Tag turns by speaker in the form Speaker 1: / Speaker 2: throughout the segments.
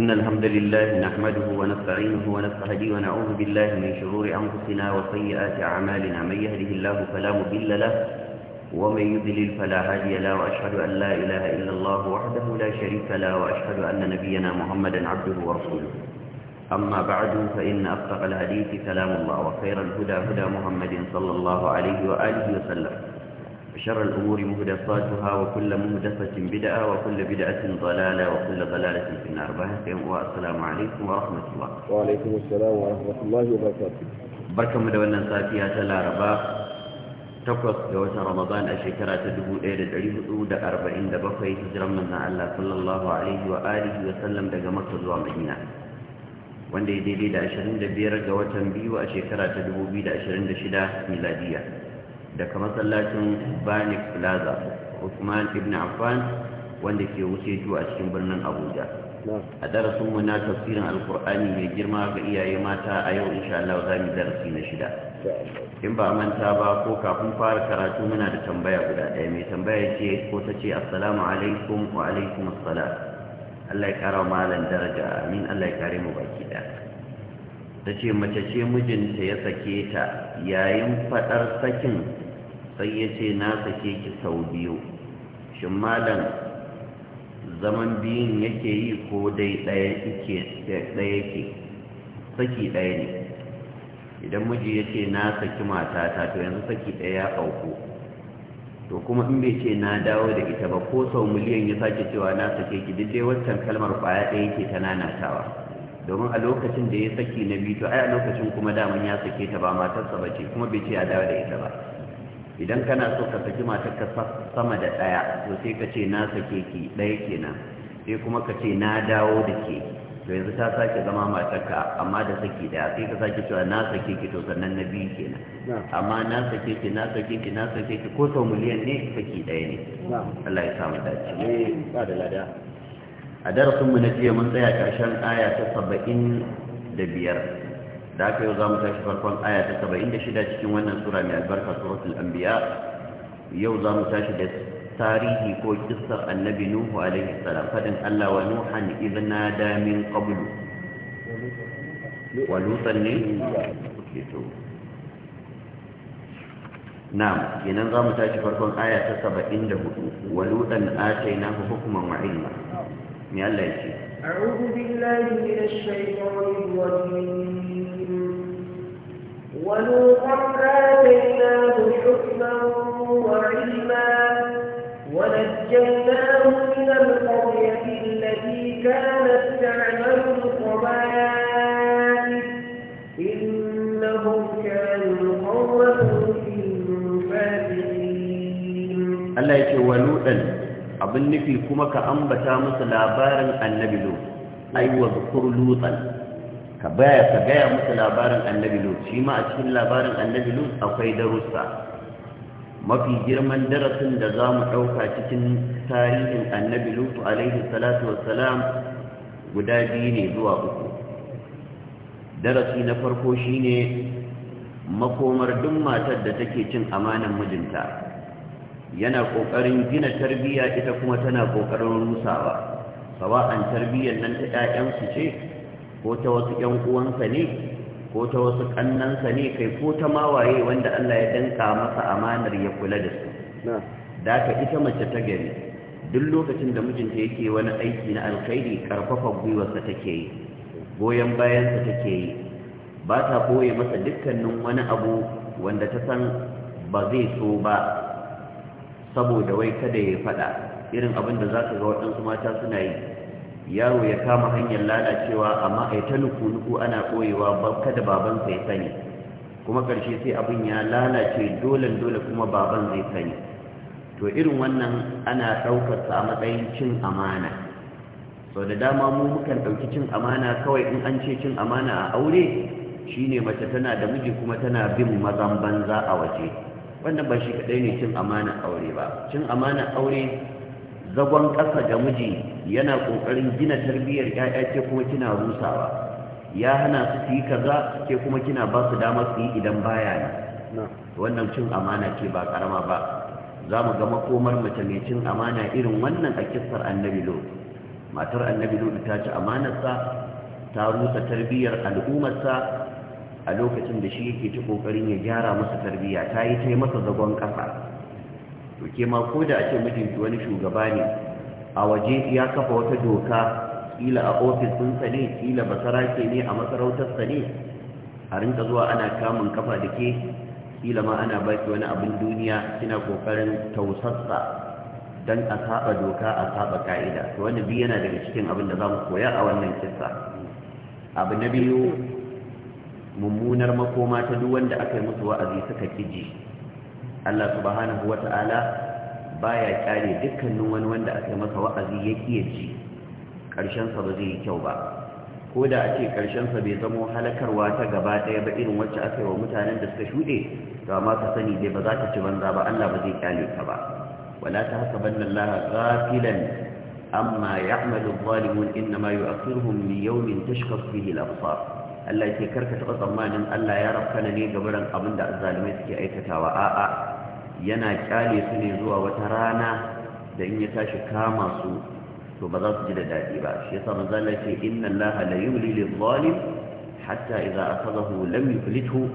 Speaker 1: إن الحمد لله نحمده ونستعينه ونستهديه ونعوذ بالله من شرور أنفسنا وسيئات أعمالنا من يهده الله فلا مضل له ومن يضلل فلا هادي له وأشهد أن لا إله إلا الله وحده لا شريك له وأشهد أن نبينا محمدا عبده ورسوله أما بعد فإن أصدق الحديث كلام الله وخير الهدى هدى محمد صلى الله عليه وآله وسلم شر الأمور مهدفاتها وكل مهدفة بدعة وكل بدعة ضلالة وكل ضلالة في النار بها السلام عليكم ورحمة الله
Speaker 2: وعليكم السلام ورحمة الله وبركاته
Speaker 1: بركة مدونة ساتية تلاربا تقص جوة رمضان الشكرة تدبو إيد العليه أود أربعين دبقي هجرا من الله صلى الله عليه وآله وسلم دقى مصر ومدينة wanda ya daidai da 25 ga watan biyu a shekara ta 2026 miladiya daga masallacin bani plaza usman ibn affan wanda ke wuce ju a cikin birnin abuja a darasinmu na tafsirin alkur'ani mai girma ga iyaye mata a yau insha Allah za mu darasi na shida in ba manta ba ko kafin fara karatu muna da tambaya guda ɗaya mai tambaya ce ko ta ce assalamu alaikum wa alaikum assalam Allah ya kara malan daraja amin Allah ya kare mu baki ɗaya ta ce mace ce mijinta ya sake ta yayin faɗar sakin sai ya ce na sake ki sau biyu shin malam zaman biyun yake yi ko dai ɗaya ke saki ɗaya ne idan miji ya ce na saki matata to yanzu saki ɗaya ya ɗauko to kuma in bai ce na dawo da ita ba ko sau miliyan ya sake cewa na sake ki duk dai waccan kalmar ƙwaya ɗaya yake ta nanatawa domin a lokacin da ya saki na biyu to ai a lokacin kuma daman ya sake ta ba matarsa ba ce kuma bai ce ya dawo da ita ba idan kana so ka saki matar sama da ɗaya to sai ka ce na sake ki ɗaya kenan sai kuma ka ce na dawo da ke to yanzu ta sake zama matarka amma da saki ɗaya sai ka sake cewa na sake ki to sannan na biyu kenan amma na sake ki na sake ki na sake ki ko sau miliyan ne saki ɗaya ne Allah ya samu dace a darasinmu na jiya mun tsaya ƙarshen aya ta saba'in da biyar da aka yau za mu tashi farkon aya ta saba'in da shida cikin wannan sura mai albarka suratul anbiya yau za mu tashi da tarihi ko kissar annabi nuhu alaihi salam fadin allah wa nuhan idna da min qablu
Speaker 2: wa lutan ne
Speaker 1: na'am kenan za mu tashi farkon aya ta saba'in da hudu wa lutan atainahu hukman wa ilma me allah ya ce
Speaker 2: أعوذ بالله من الشيطان الرجيم ولوطا آتيناه حكما وعلما ونجيناه من القرية التي كانت تعمل القبائل إنهم كانوا قوم فاسقين الله يقول
Speaker 1: ولوطا abin nufi kuma ka ambata musu labarin annabi lo ai wa zukur lutan ka baya ka gaya musu labarin annabi lut shi ma a cikin labarin annabi lut akwai darussa mafi girman darasin da za mu ɗauka cikin tarihin annabi lutu alaihi salatu wassalam guda biyu ne zuwa uku darasi na farko shine makomar duk matar da take cin amanan mijinta yana ƙoƙarin gina tarbiyya ita kuma tana ƙoƙarin rusawa sawa'an tarbiyyar nan ta 'ya'yansu ce ko ta wasu ƴan uwansa ne ko ta wasu ƙannansa ne kai ko ta mawaye wanda Allah ya danka masa amanar ya kula da su da ka ita mace ta gari duk lokacin da mijinta yake wani aiki na alkhairi karfafa gwiwarsa take yi goyon bayansa take yi ba ta koye masa dukkanin wani abu wanda ta san ba zai so ba saboda wai kada ya faɗa irin abin da za ka ga waɗansu mata suna yi yaro ya kama hanyar lalacewa amma ai ta nuku-nuku ana koyewa kada babansa ya sani kuma karshe sai abin ya lalace dole dole kuma baban zai sani to irin wannan ana sa a matsayin cin amana sau da dama mu mukan ɗauki cin amana kawai in an ce cin amana a aure shine mace tana da miji kuma tana bin mazan banza a waje wannan ba shi kaɗai ne cin amana aure ba cin amana aure zagon ƙasa ga miji yana ƙoƙarin gina tarbiyyar ƴaƴa ke kuma kina rusawa ya hana su yi kaza ke kuma kina ba su dama su yi idan baya ne wannan cin amana ce ba karama ba za mu ga makomar mace mai cin amana irin wannan a kissar annabi lo matar annabi lo ta ci amanarsa ta rusa tarbiyyar al'ummarsa a lokacin da shi yake ci ƙoƙarin ya gyara masa tarbiyya ta yi ta masa zagon ƙasa to ke ma ko da ake mijinki wani shugaba ne a waje ya kafa wata doka kila a ofis sani ne kila basarake ne a masarautar ne a rinka zuwa ana kamun kafa da ke kila ma ana baki wani abin duniya kina kokarin tausarsa don a saba doka a saba ka'ida to wani biyu yana daga cikin abin da za mu koya a wannan kissa abu na biyu mummunar makoma ta duk wanda aka yi musu wa'azi suka kiji Allah subhanahu wata'ala baya kare dukkanin wani wanda aka masa wa'azi ya kiyaci ƙarshensa sa ba zai yi kyau ba ko da a ce karshen sa bai zamo halakarwa ta gaba ɗaya ba irin wacce aka yi wa mutanen da suka shuɗe ga amma sani dai ba za ta ci banza ba Allah ba zai ƙyale ka ba wala tahsabanna Allah ghafilan amma ya'malu adh inna inma yu'akhiruhum li yawmin tashkhas fihi al-absar Allah ke karka taɓa tsammanin Allah ya na ne gabaran abin da azzalumai suke aikatawa a'a yana kyale su ne zuwa wata rana da in ya tashi kama su to ba za su ji da daɗi ba shi yasa manzo Allah ce inna Allah la yuli lil zalim hatta idza akhadahu lam yuflithu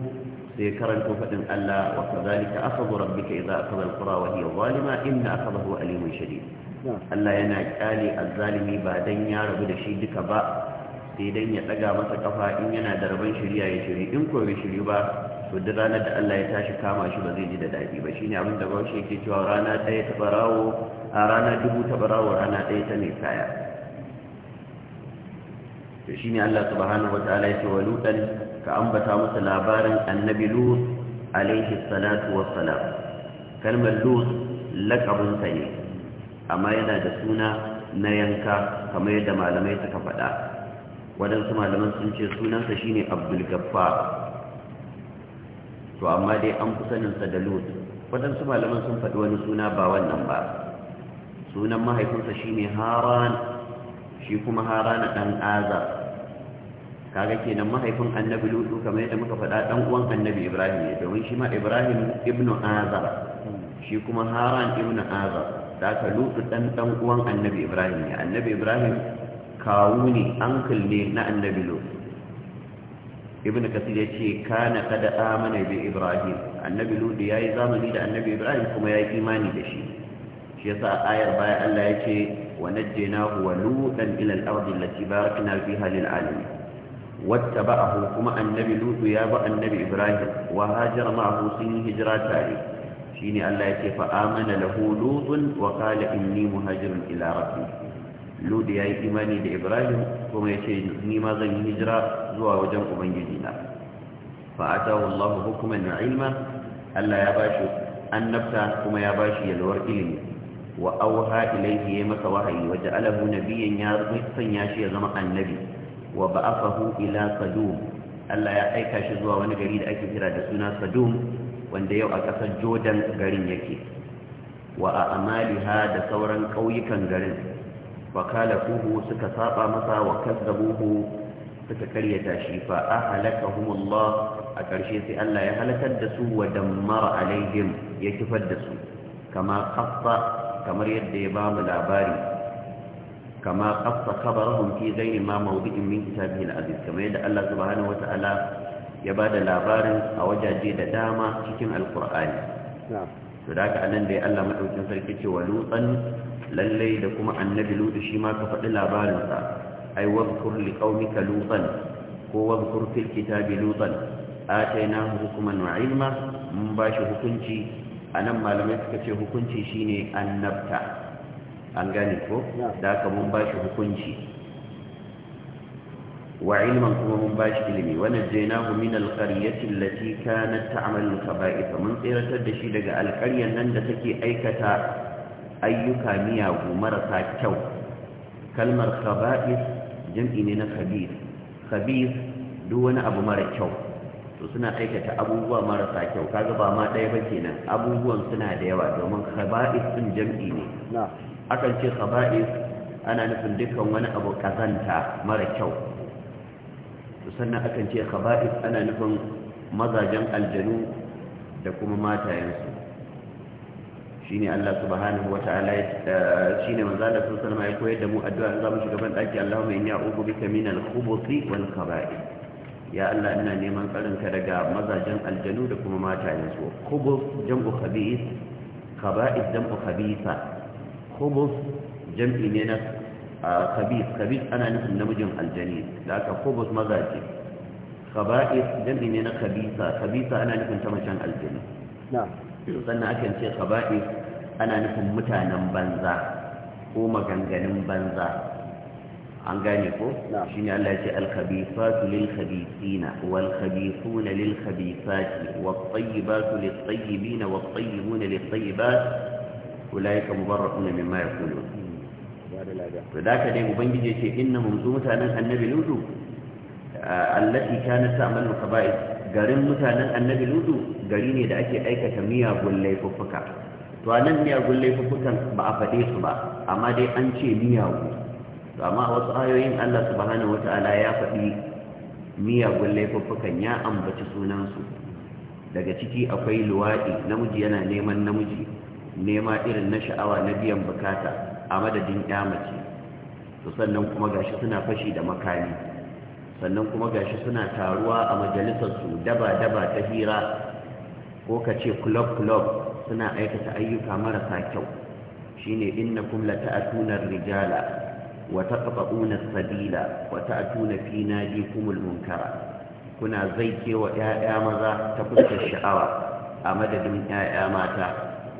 Speaker 1: sai karanto fadin Allah wa kadhalika akhadhu rabbika idza akhadha al qura wa hiya zalima inna akhadahu alimun shadid Allah yana kyale azzalimi ba dan ya rabu da shi duka ba sai dan ya daga masa kafa in yana da rabon shari'a ya shiri in ko bai shiri ba to duk ranar da Allah ya tashi kama shi ba zai ji da dadi ba shine abin da Bahaushe yake cewa rana ɗaya ta barawo a rana dubu ta barawo rana ɗaya ta mai kaya to shine Allah subhanahu wataala ya ce wa lutan ka ambata masa labarin annabi lut alaihi salatu wassalam kalmar lut lakabinsa ne amma yana da suna na yanka kamar yadda malamai suka faɗa waɗansu malaman sun ce sunansa shine abdul gaffar to amma dai an fi saninsa da lut waɗansu malaman sun faɗi wani suna ba wannan ba sunan mahaifinsa shine haran shi kuma haran ɗan aza kaga kenan mahaifin annabi lutu kamar yadda muka faɗa ɗan uwan annabi ibrahim ne domin shi ma ibrahim ibnu aza shi kuma haran ibnu aza da aka lutu ɗan ɗan uwan annabi ibrahim ne annabi ibrahim kawu ne ankul ne na annabi lo ibn kasir ya ce kana kada amana bi ibrahim annabi lo ya yayi zamani da annabi ibrahim kuma yayi imani da shi shi yasa ayar baya Allah yake wa najjaynahu wa lutan ila al-ardi allati halin fiha lil alamin wattaba'ahu kuma annabi lutu ya ba annabi ibrahim wa ma ma'ahu sun hijira tare ne Allah yake fa amana lahu lutun wa qala inni muhajirin ila lodi ya yi imani da ibrahim kuma ya ce ni ma zan yi hijira zuwa wajen ubangiji na fa'atahu allahu hukuman na ilma allah ya bashi annabta kuma ya bashi yalwar ilimi wa auha ilayhi ya masa wahayi wa na biyan ya sanya shi ya zama annabi wa ba'afahu ila sadum allah ya aika shi zuwa wani gari da ake kira da suna sadum wanda yau a ƙasar jordan garin yake wa a amaliha da sauran ƙauyukan garin wa kalafuhu suka saba masa wa kazzabuhu suka karyata shi fa ahlakahumullah a ƙarshe sai Allah ya halakar da su wa dammara alaihim ya kifar da su kama qaffa kamar yadda ya bamu labari kama qaffa khabarahum fi ghayri ma mawdi'in min kitabihi al kamar yadda Allah subhanahu wata'ala ya bada labarin a wajaje da dama cikin alqur'ani to da haka anan dai Allah madaukin sarki ce wa lutsan lallai da kuma annabi lutu shi ma ka faɗi labarinsa ai wadhkur li qaumika lutan ko wadhkur fil kitabi lutan atainahu hukuman wa ilma mun bashi hukunci anan malamai suka ce hukunci shine annabta an gane ko da ka mun bashi hukunci wa ilman kuma mun bashi ilimi wa najjaynahu min alqaryati allati kanat ta'malu al-khaba'ith mun tsiratar da shi daga alqaryan nan da take aikata ayyuka miyagu marasa kyau kalmar khaba'is jam'i ne na khabir khabir duk wani abu mara kyau to suna aikata abubuwa marasa kyau kaga ba ma ɗaya ba kenan abubuwan suna da yawa domin khaba'is sun jam'i ne akan ce khaba'is ana nufin dukkan wani abu kazanta mara kyau to sannan akan ce khaba'is ana nufin mazajen aljanu da kuma matayensu Shi ne Allah subhanahu wataala eh, shine manzo Allah sallallahu alaihi ya koyar da mu addu'a in za mu shiga ban daki Allahumma inni a'udhu bika min al-khubuthi wal khaba'ith ya Allah ina neman tsarinka daga mazajen aljanu da kuma matayen su khubuth jam'u khabith khaba'ith jam'u Khabisa khubuth jam'i ne na khabith khabith ana nufin namijin aljani da aka khubuth mazaje khaba'ith jam'i ne na khabitha khabitha ana nufin ta macen aljani na'am sannan akan ce kaba'i ana nufin mutanen banza ko maganganun banza an gane ko shi ne Allah ya ce al-khabithatu lil-khabithina wal-khabithuna lil-khabithati wat-tayyibatu lit-tayyibina wat-tayyibuna lit-tayyibat ulaika mubarra'una mimma yaqulun to da ka dai ubangiji ya ce innahum su mutanen annabi lutu allati kanat ta'malu khaba'ith garin mutanen annabi ludu gari ne da ake aikata miyagun laifuffuka to a nan miyagun laifuffukan ba a faɗe su ba amma dai an ce miyagu to amma a wasu ayoyin allah subhanahu wata'ala ya faɗi miyagun laifuffukan ya ambaci sunansu daga ciki akwai luwaɗi namiji yana neman namiji nema irin na sha'awa na biyan bukata a madadin ya mace to sannan kuma gashi suna fashi da makami sannan kuma gashi suna taruwa a majalisarsu daba-daba ta hira ko ka ce club-club suna aikata ayyuka marasa kyau shine innakum lata'atuna rijala Wata taqta'una Sabila, wata wa Fina fi najikumul munkara kuna zaikewa 'ya'ya maza ta fuskar sha'awa a madadin 'ya'ya mata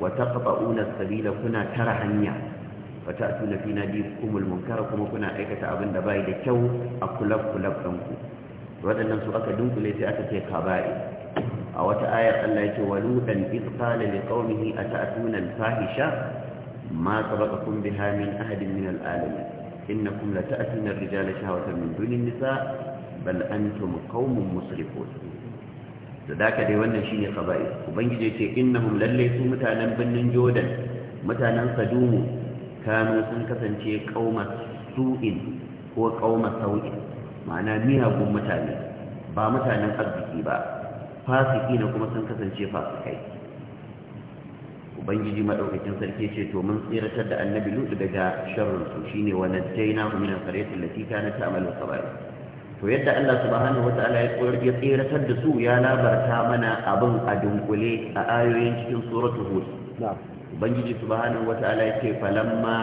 Speaker 1: wata taqta'una sabila kuna tara hanya wata atuna fi nadikumul munkara kuma kuna aikata abin da bai da kyau a kulab kulab ɗanku waɗannan su aka dunkule sai aka ce kaba'i a wata ayar Allah yake waludan iz qala liqaumihi ata'tuna al-fahisha ma sabaqakum biha min ahadin min al-alamin innakum lata'tuna ar-rijala shahwatan min duni an-nisa bal antum qaumun musrifun to daka dai wannan shine kaba'i ubangiji yace innahum lalle su mutanen binnin jordan mutanen sadumu kanu sun kasance kaumar su'in ko kaumar sau'in ma'ana miyagun mutane ba mutanen arziki ba fasiki na kuma sun kasance fasikai ubangiji maɗaukacin sarki ce to mun tsiratar da annabi lutu daga sharrin su shine wa na hum min al da allati na ta'malu al to yadda Allah subhanahu ta'ala ya koyar ya tsiratar da su ya labarta mana abin a dunkule a ayoyin cikin suratul hud ubangiji subhanahu wata'ala yake falamma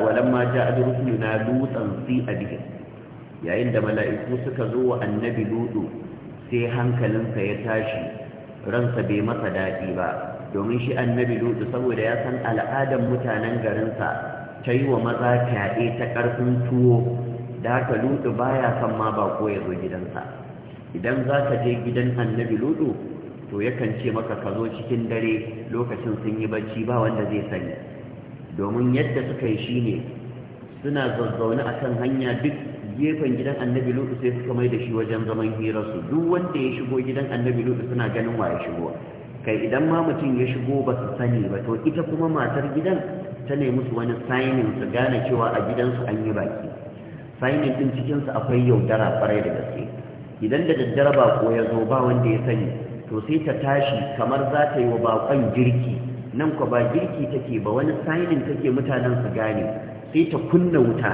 Speaker 1: walamma ja'a rusuluna lutan fi abihim yayin da mala'iku suka zo wa annabi lutu sai hankalinsa ya tashi ransa bai masa daɗi ba domin shi annabi lutu saboda ya san al'adar mutanen garinsa ta yi wa maza fyaɗe ta ƙarfin tuwo da haka lutu baya son ma bako ya zo gidansa idan za ka je gidan annabi lutu to yakan ce maka ka zo cikin dare lokacin sun yi bacci ba wanda zai sani domin yadda suka yi shine suna zazzaune a kan hanya duk gefen gidan annabi lutu sai suka mai da shi wajen zaman hirarsu duk wanda ya shigo gidan annabi lutu suna ganin wa ya shigo kai idan ma mutum ya shigo ba su sani ba to ita kuma matar gidan ta ne musu wani sainin su gane cewa a gidansu an yi baki sainin din cikinsu akwai yaudara kwarai da gaske idan da daddare ba ko ya zo ba wanda ya sani to sai ta tashi kamar za ta yi wa bakon girki nan ko ba girki take ba wani sainin take mutanen su gane sai ta kunna wuta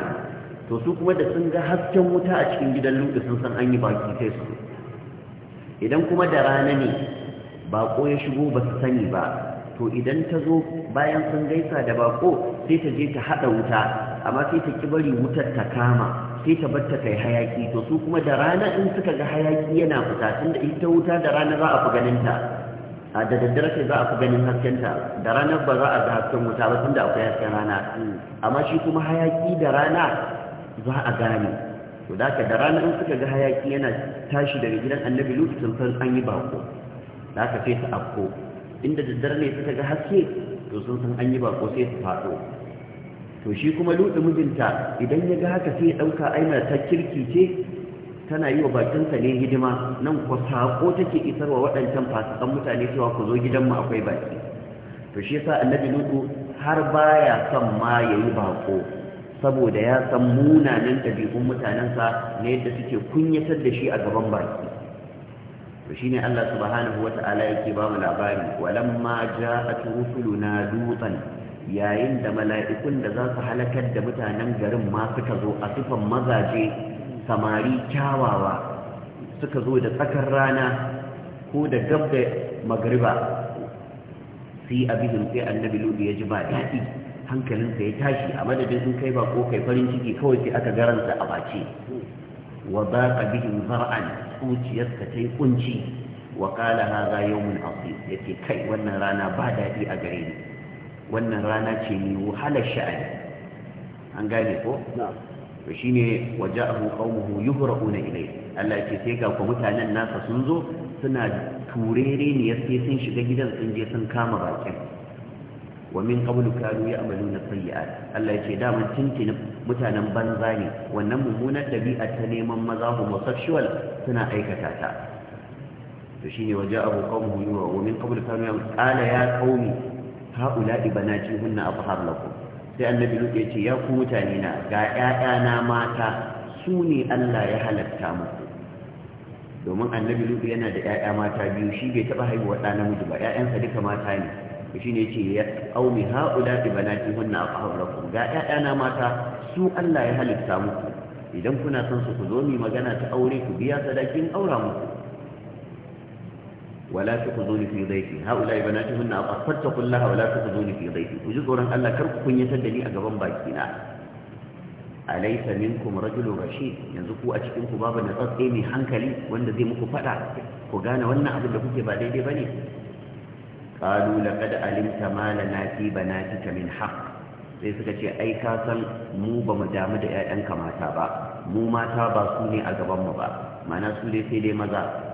Speaker 1: to su kuma da sun ga hasken wuta a cikin gidan lokacin sun san an yi baki sai su idan kuma da rana ne bako ya shigo ba su sani ba to idan ta zo bayan sun gaisa da bako sai ta je ta haɗa wuta amma sai ta ki bari wutar ta kama sai ta bar ta kai hayaki to su kuma da rana in suka ga hayaki yana fita tunda ita wuta da rana za a fi ganin ta a da daddare sai za a fi ganin hasken ta da rana ba za a ga hasken wuta ba tunda akwai hasken rana amma shi kuma hayaki da rana za a gane to da da rana in suka ga hayaki yana tashi daga gidan annabi lutu sun san an yi bako da ka sai su afko inda daddare ne suka ga haske to sun san an yi bako sai su faɗo to shi kuma lutsi mijinta idan ya ga haka sai ya ɗauka aina ta kirki ce tana yi wa bakinsa ne hidima nan ku saƙo take isarwa waɗancan fasakan mutane cewa ku zo gidanmu akwai baki to shi yasa annabi lutsu har baya son ma ya yi baƙo saboda ya san munanan ɗabi'un mutanensa na yadda suke kunyatar da shi a gaban baki to shine Allah subhanahu wata'ala yake ba mu labari walamma ja'at rusuluna lutan yayin da mala'ikun da za su halakar da mutanen garin ma suka zo a sifan mazaje samari kyawawa suka zo da tsakar rana ko da gab da magariba su yi abin sai annabi lubi ya ji ba daɗi hankalinsa ya tashi a madadin sun kai ba ko kai farin ciki kawai sai aka garanta a bace wa za ka bihin zar'an zuciyarsa ta yi kunci wa kala haza yawmin ya ce kai wannan rana ba daɗi a gare ni wannan rana ce mai wahalar sha'ani an gane ko to shine waja'ahu qaumuhu yuhra'una ilai. Allah ya ce sai ga ku mutanen nasa sun zo suna turere ne sai sun shiga gidan sun je sun kama bakin wa min qablu kanu ya'maluna sayyi'at Allah ya ce da mun tinkin mutanen banza ne wannan mummunar dabi'a ta neman maza homosexual suna aikata ta to shine waja'ahu qaumuhu Wa min qablu kanu ya'maluna qala ya qaumi ha'ula'i banati hunna afhar lakum sai annabi Lut ya ce ya ku mutane na ga ƴaƴana mata su ne Allah ya halatta muku domin annabi Lut yana da ƴaƴa mata biyu shi bai taba haihuwa ɗa namiji ba ƴaƴansa duka mata ne shi ne ce ya qaumi ha'ula bi na hunna aqhar lakum ga ƴaƴana mata su Allah ya halitta muku idan kuna son su ku zo mi magana ta aure ku biya sadakin aura muku ولا تخذوني في ضيفي هؤلاء بناتهن أطهر فاتقوا الله ولا تخذوني في ضيفي وجزء رن الله كركم يتدني أقبان باكينا أليس منكم رجل رشيد ينزقوا أشكمكم بابا نطاق إيمي حنكلي وأن ذي مكفأة وقانا وأن عبد لكم كبالي بني قالوا لقد علمت ما لنا في بناتك من حق sai suka ce ai ka san mu ba mu damu da 'ya'yanka mata ba mu mata ba su ne a gabanmu ba mana su dai sai dai maza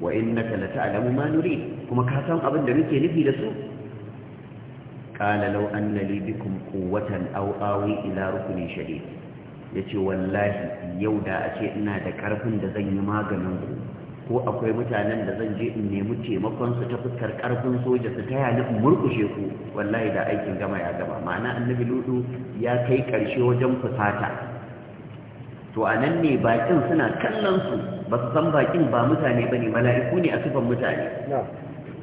Speaker 1: wa innaka lata'lamu ma nurid kuma ka san abin da muke nufi da su qala law anna li bikum quwwatan aw awi ila rukni shadid yace wallahi yau da a ce ina da karfin da zan yi maganin ku ko akwai mutanen da zan je in nemi taimakon su ta fuskar karfin soja su taya ni in murkushe ku wallahi da aikin gama ya gama ma'ana annabi ludu ya kai karshe wajen fusata to a nan ne bakin suna kallon su ba su san bakin ba mutane ba ne mala'iku ne a sufan mutane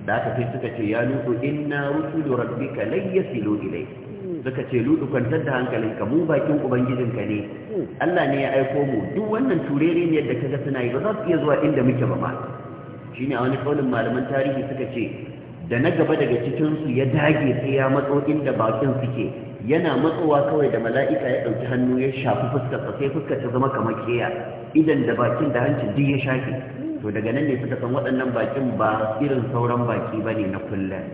Speaker 1: da aka fi suka ce ya lutu inna rusulu rabbika lan yasilu ilai hmm. suka ce lutu kwantar da hankalin ka, mu bakin ka ne hmm. Allah ne ya aiko mu duk wannan turere ne yadda kaga suna yi ba za su iya zuwa inda muke ba ma shine a wani kaulin malaman tarihi suka ce da na gaba daga cikin su ya dage sai ya matso inda bakin suke yana matsowa kawai da mala'ika ya ɗauki hannu ya shafi fuskarsa sai fuskar ta zama kamar keya idan da bakin da hancin duk ya shafe to daga nan ne suka san waɗannan bakin ba irin sauran baki ba ne na kullum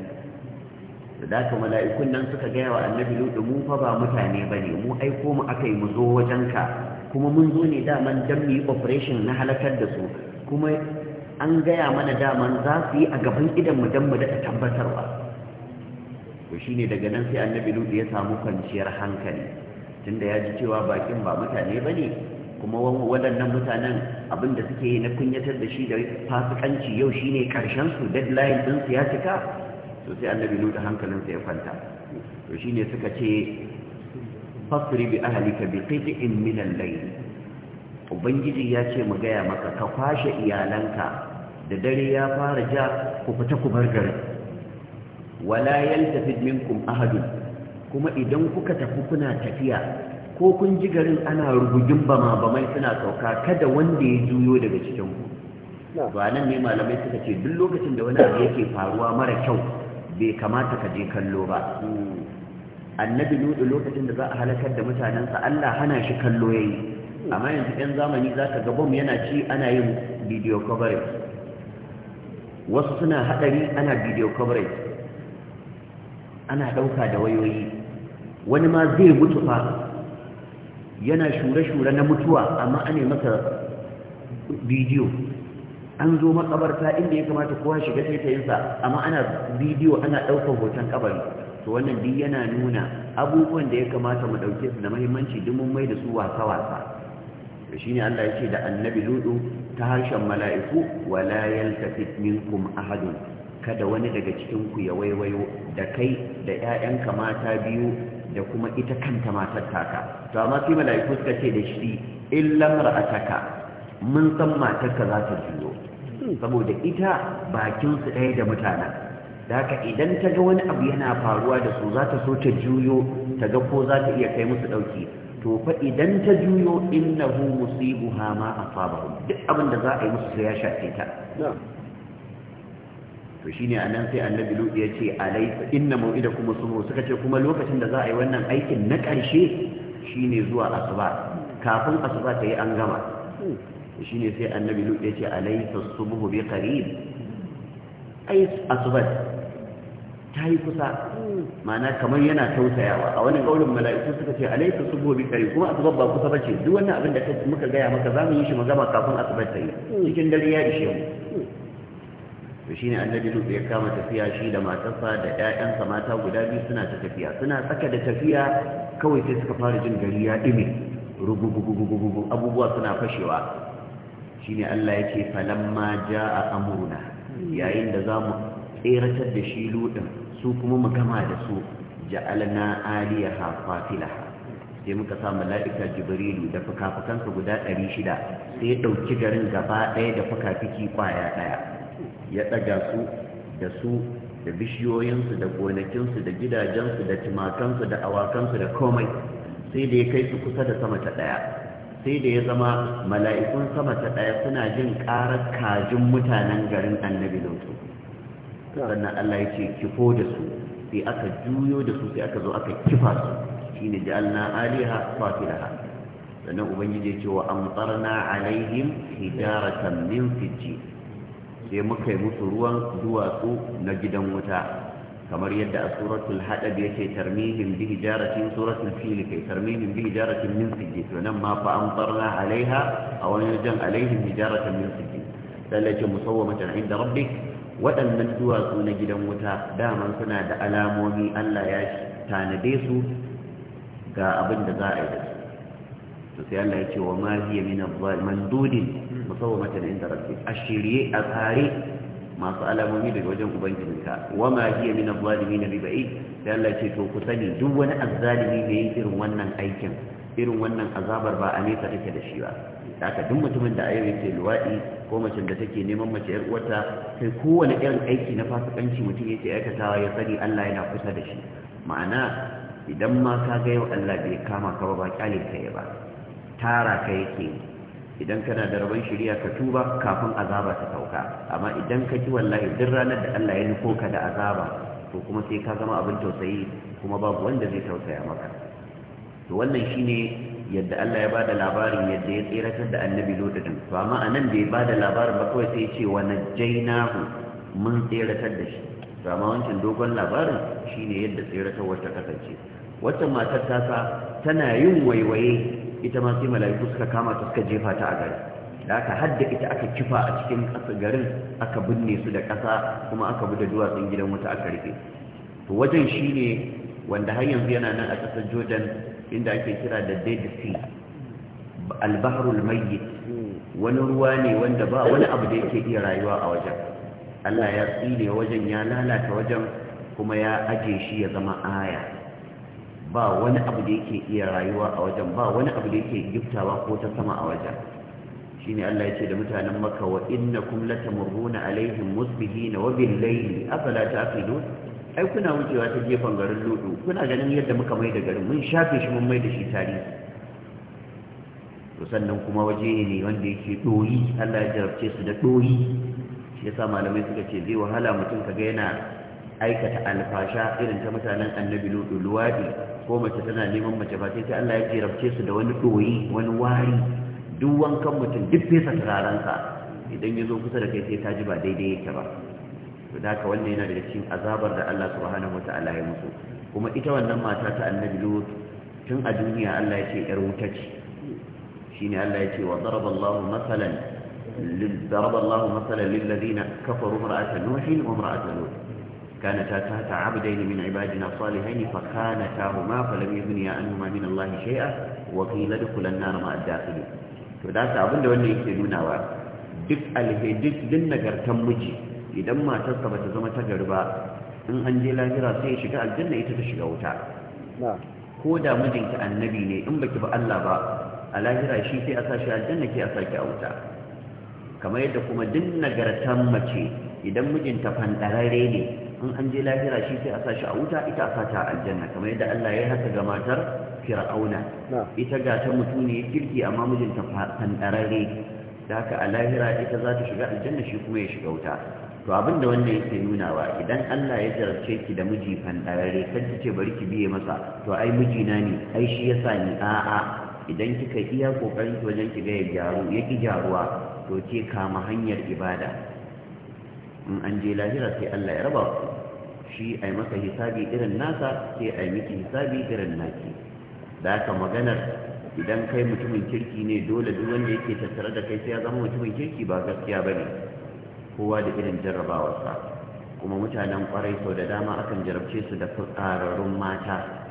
Speaker 1: da haka mala'ikun nan suka gaya wa annabi lutu mu fa ba mutane ba ne mu aiko mu aka yi mu zo wajenka kuma mun zo ne daman dan mu yi operation na halakar da su kuma an gaya mana daman za su yi a gaban idan mu dan mu daɗa tabbatarwa to shine daga nan sai annabi lutu ya samu kwanciyar hankali tunda ya ji cewa bakin ba mutane ba ne? kuma waɗannan mutanen abinda da suke yi na kunyatar da shi da fasikanci yau shine karshen su deadline din su ya cika to sai annabi lutu hankalinsa ya kwanta to shine suka ce fasiri bi ka bi qit'in in minan layl ubangiji ya ce mu gaya maka ka kwashe iyalanka da dare ya fara ja ku fita ku bar gari. wala yaltafid minkum ahadun kuma idan kuka tafi kuna tafiya ko kun ji garin ana rugugin bama bamai suna sauka kada wanda ya juyo daga cikin ku to anan ne malamai suka ce duk lokacin da wani abu yake faruwa mara kyau bai kamata ka je kallo ba hmm. annabi nudu lokacin da za a halakar da mutanensa Allah hana shi kallo yayi hmm. amma yanzu ɗan zamani za ka ga bom yana ci ana yin video coverage wasu suna haɗari ana video coverage ana ɗauka da wayoyi wani ma zai mutu fa yana shure-shure na mutuwa amma ana masa bidiyo an zo makabarta inda ya kamata kowa shiga taitayinsa amma ana bidiyo ana ɗaukar hoton kabari to wannan duk yana nuna abubuwan da ya kamata mu ɗauke su da mahimmanci duk mun mai da su wasa-wasa shi ne Allah ya ce da annabi ludu ta harshen mala'iku wala yaltafit minkum ahadun kada wani daga cikinku ya waiwayo da kai da 'ya'yanka mata biyu da kuma ita kanta matar taka to amma sai mala'iku suka ce da shi illam ra'ataka mun san matarka za ta juyo saboda ita bakin su ɗaya da mutanen da haka idan ta ga wani abu yana faruwa da su za ta so ta juyo ta ga ko za ta iya kai musu ɗauki to fa idan ta juyo innahu musibuha ma asabahu duk abin da za a yi musu sai ya shafe ta to shi shine anan sai annabi lut ya ce alaysa inna kuma subh suka ce kuma lokacin da za a yi wannan aikin na ƙarshe shine zuwa asuba kafin asuba ta yi an gama shine sai annabi lut ya ce alai alaysa subh bi qarib ai asuba ta yi kusa ma'ana kamar yana tausayawa a wani kaulin mala'iku suka ce alaysa subh bi qarib kuma asuba ba kusa bace duk wannan abin da muka gaya maka za mu yi shi mu gama kafin asuba ta yi cikin dare ya
Speaker 2: ishe mu
Speaker 1: to shine annabi lut ya kama tafiya shi da matarsa da ƴaƴansa mata guda biyu suna ta tafiya suna tsaka da tafiya kawai sai suka fara jin gari ya dime rugugugugugugu abubuwa suna fashewa shine Allah yake falamma jaa amruna yayin da zamu tseratar da shi ludin su kuma mu gama da su ja'alna aliyaha fafilaha sai muka sa mala'ika jibrilu da fuka-fukansa guda 600 sai ya dauki garin gaba ɗaya da fuka-fiki kwaya ɗaya ya ɗaga su da su da bishiyoyinsu da gonakinsu da gidajensu da timakansu da awakansu da komai sai da ya kai su kusa da sama ta ɗaya sai da ya zama mala'ikun sama ta ɗaya suna jin ƙarar kajin mutanen garin annabi lutu sannan Allah ya ce kifo da su sai aka juyo da su sai aka zo aka kifa su shi shine ja'alna aliha safilaha sannan ubangiji ya ce wa amtarna alaihim hijaratan min Fijji. sai muka yi musu ruwan duwatsu na gidan wuta kamar yadda a suratul hadab yake tarmihim bi hijaratin suratul fil kai tarmihin bi hijaratin min sijji to nan ma fa amtarna alaiha aw yanjan alaihim hijaratan min sijji lalace musawwamatan inda rabbik waɗannan duwatsu na gidan wuta daman suna da alamomi Allah ya tanade su ga abin da za a yi to sai Allah ya ce wa ma hiya min mandudin musawwamatan inda rabbik ashiriye a tsare masu alamomi daga wajen ubangijinka wa ma hiya min adh-dhalimin bi ba'id sai Allah ya ce to ku sani duk wani azzalimi da yayin irin wannan aikin irin wannan azabar ba a nesa take da shi ba haka duk mutumin da ayyuka yake luwadi ko mace da take neman mace yar uwarta sai kowane irin aiki na fasikanci mutum yake aikatawa ya sani Allah yana kusa da shi ma'ana idan ma ka ga yau Allah bai kama ka ba ba kyalin kai ba tara ka yake idan kana da rabon shirya ka tuba kafin azaba ta sauka amma idan ka ji wallahi duk ranar da Allah ya nufo ka da azaba to kuma sai ka zama abin tausayi kuma babu wanda zai tausaya maka to wannan shine yadda Allah ya bada labarin yadda ya tsiratar da annabi Lut din to amma anan ya bada labarin ba kawai sai ya ce wa najjaynahu mun tsiratar da shi to amma wancan dogon labarin shine yadda tsiratar wata kasance wata matar ta sa tana yin waiwaye ita ma sai mala'iku suka kama ta suka jefa ta a gari da aka hadda ita aka kifa a cikin ƙasa garin aka binne su da ƙasa kuma aka bi da duwatsun gidan wuta aka rufe to wajen shine wanda har yanzu yana nan a ƙasar jordan inda ake kira da dead sea albaharul mayyit wani ruwa ne wanda ba wani abu da yake iya rayuwa a wajen allah ya tsine wajen ya lalata wajen kuma ya aje shi ya zama aya ba wani abu da yake iya rayuwa a wajen ba wani abu da yake giftawa ko ta sama a wajen shine Allah yace da mutanen Makka wa innakum latamurruna alaihim musbihina wa bil layli afala ta'qilun ai kuna wucewa ta gefen garin Ludu kuna ganin yadda muka mai da garin mun shafe shi mun mai da shi tarihi to sannan kuma waje ne wanda yake doyi Allah ya jarabce su da doyi shi yasa malamai suka ce zai wahala mutum kaga yana aikata alfasha irin ta mutanen annabi lutu luwadi ko mace tana neman mace ba sai Allah ya jirabce su da wani doyi wani wari duk wankan mutum duk fesa turarensa idan ya zo kusa da kai sai ta ji ba daidai yake ba to da haka wannan yana daga cikin azabar da Allah subhanahu wataala ya musu kuma ita wannan mata ta annabi lut tun a duniya Allah ya ce yar wuta ce shine Allah ya ce wa daraballahu masalan lil daraballahu masalan lil ladina kafaru mar'atan nuhin wa كانتا تحت عبدين من عبادنا صالحين فكانتاهما فلم يغنيا عنهما من الله شيئا وقيل ادخلا النار مع الداخلين to da ta abinda wannan yake nunawa duk alhedis din nagartan miji idan ka bata zama ta ba in an je lahira sai ya shiga aljanna ita ta shiga wuta ko da mijinki annabi ne in baki ba Allah ba a lahira shi sai a sashi aljanna ke a sarki a wuta kamar yadda kuma duk nagartan mace idan mijinta fandarare ne in an je lahira shi sai a sa shi a wuta ita a sa ta aljanna kamar yadda Allah ya haka ga matar fir'auna ita ga ta mutune kirki amma mijinta fandararre da haka a lahira ita za ta shiga aljanna shi kuma ya shiga wuta to abin da wannan yake nunawa idan Allah ya jarabce ki da miji fandararre kan ki ce bari ki biye masa to ai mijina ne ai shi yasa ni a'a idan kika iya kokarin ki wajen ki ga ya gyaru ya ki gyaruwa to ke kama hanyar ibada in an je lahira sai Allah ya raba ku shi a masa hisabi irin nasa sai a miki hisabi irin naki da aka maganar idan kai mutumin kirki ne dole duk wanda yake tattare da kai sai ya zama mutumin kirki ba gaskiya ba ne kowa da irin jarrabawarsa kuma mutanen kwarai sau da dama akan jarabce su da kararrun mata